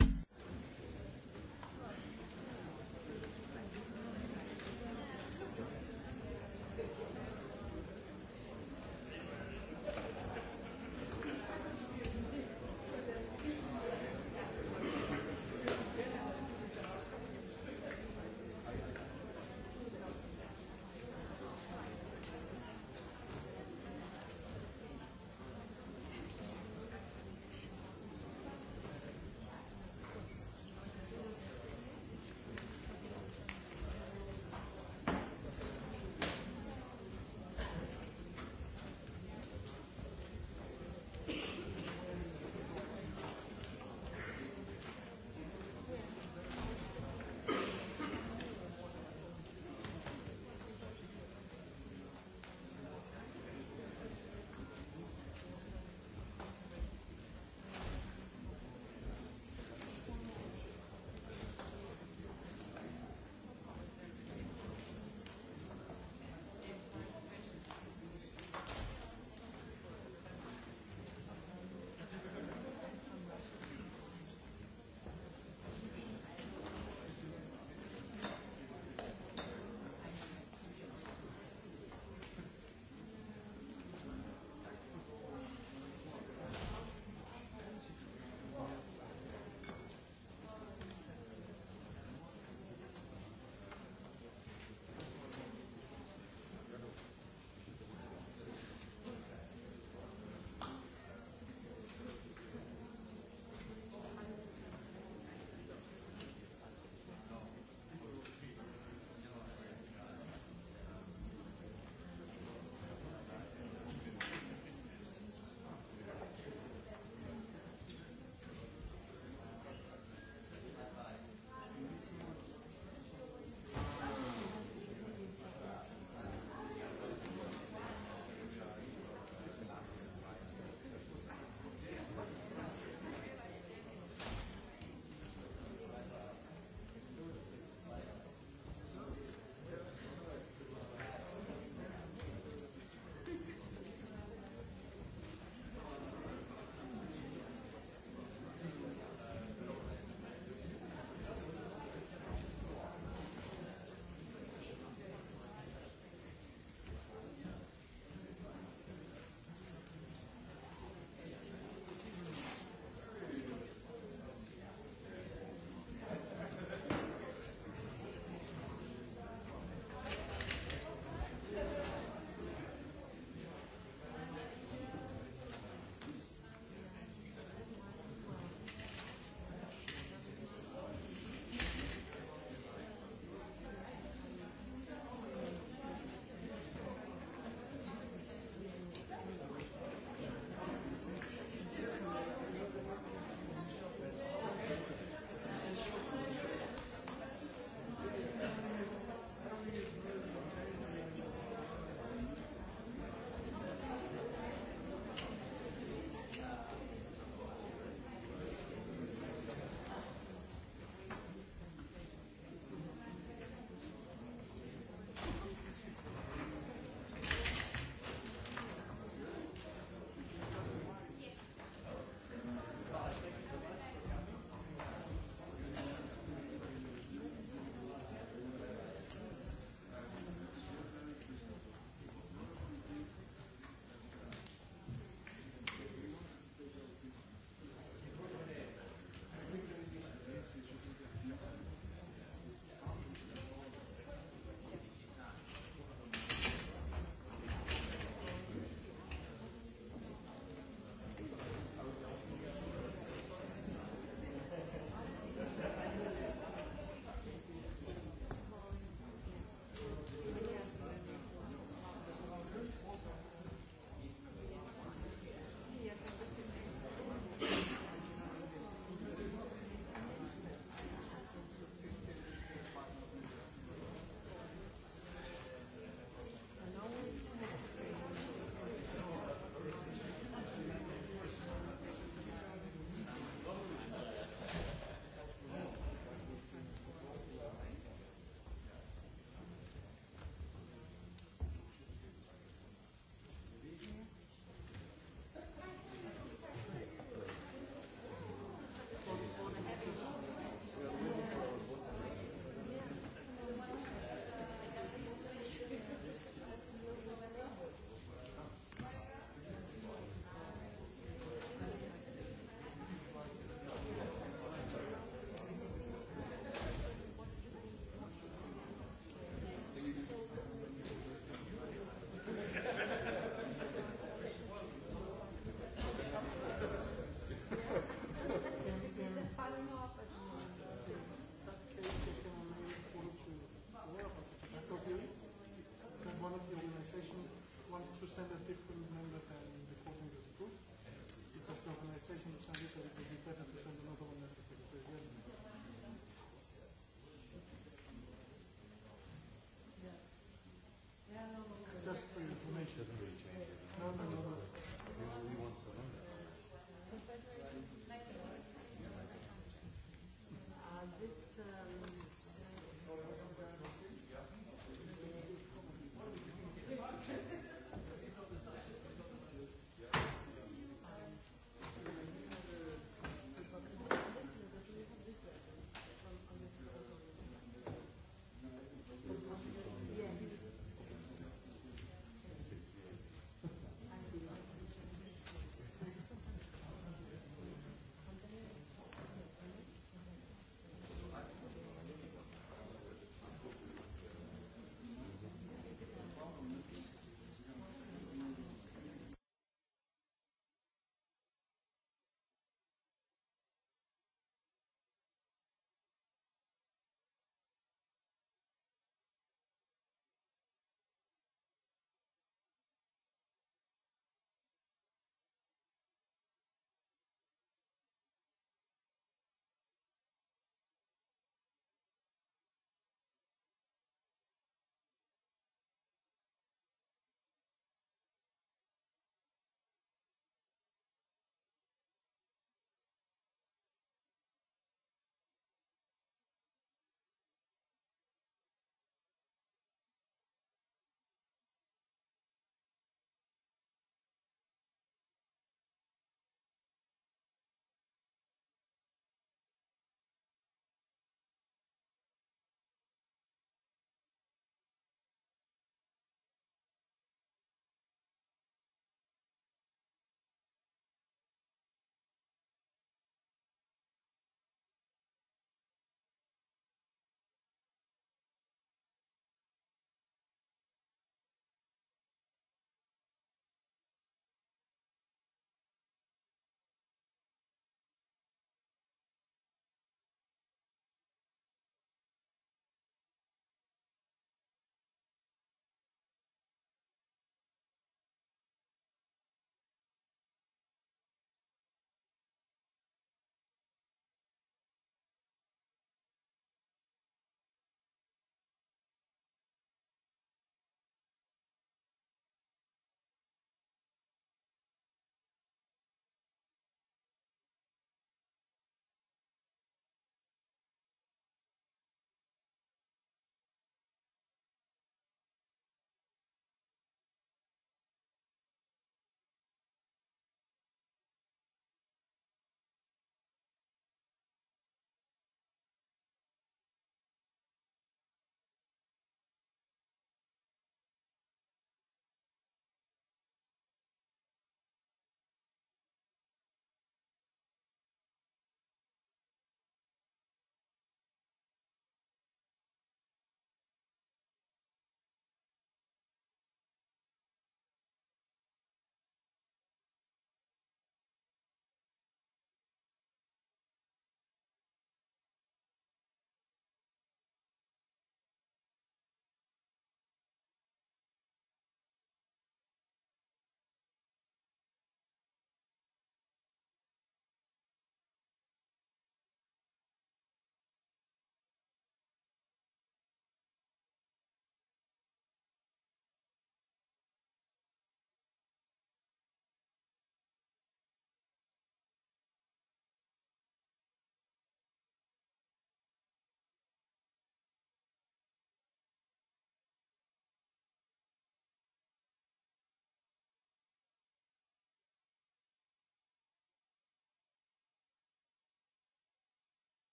doesn't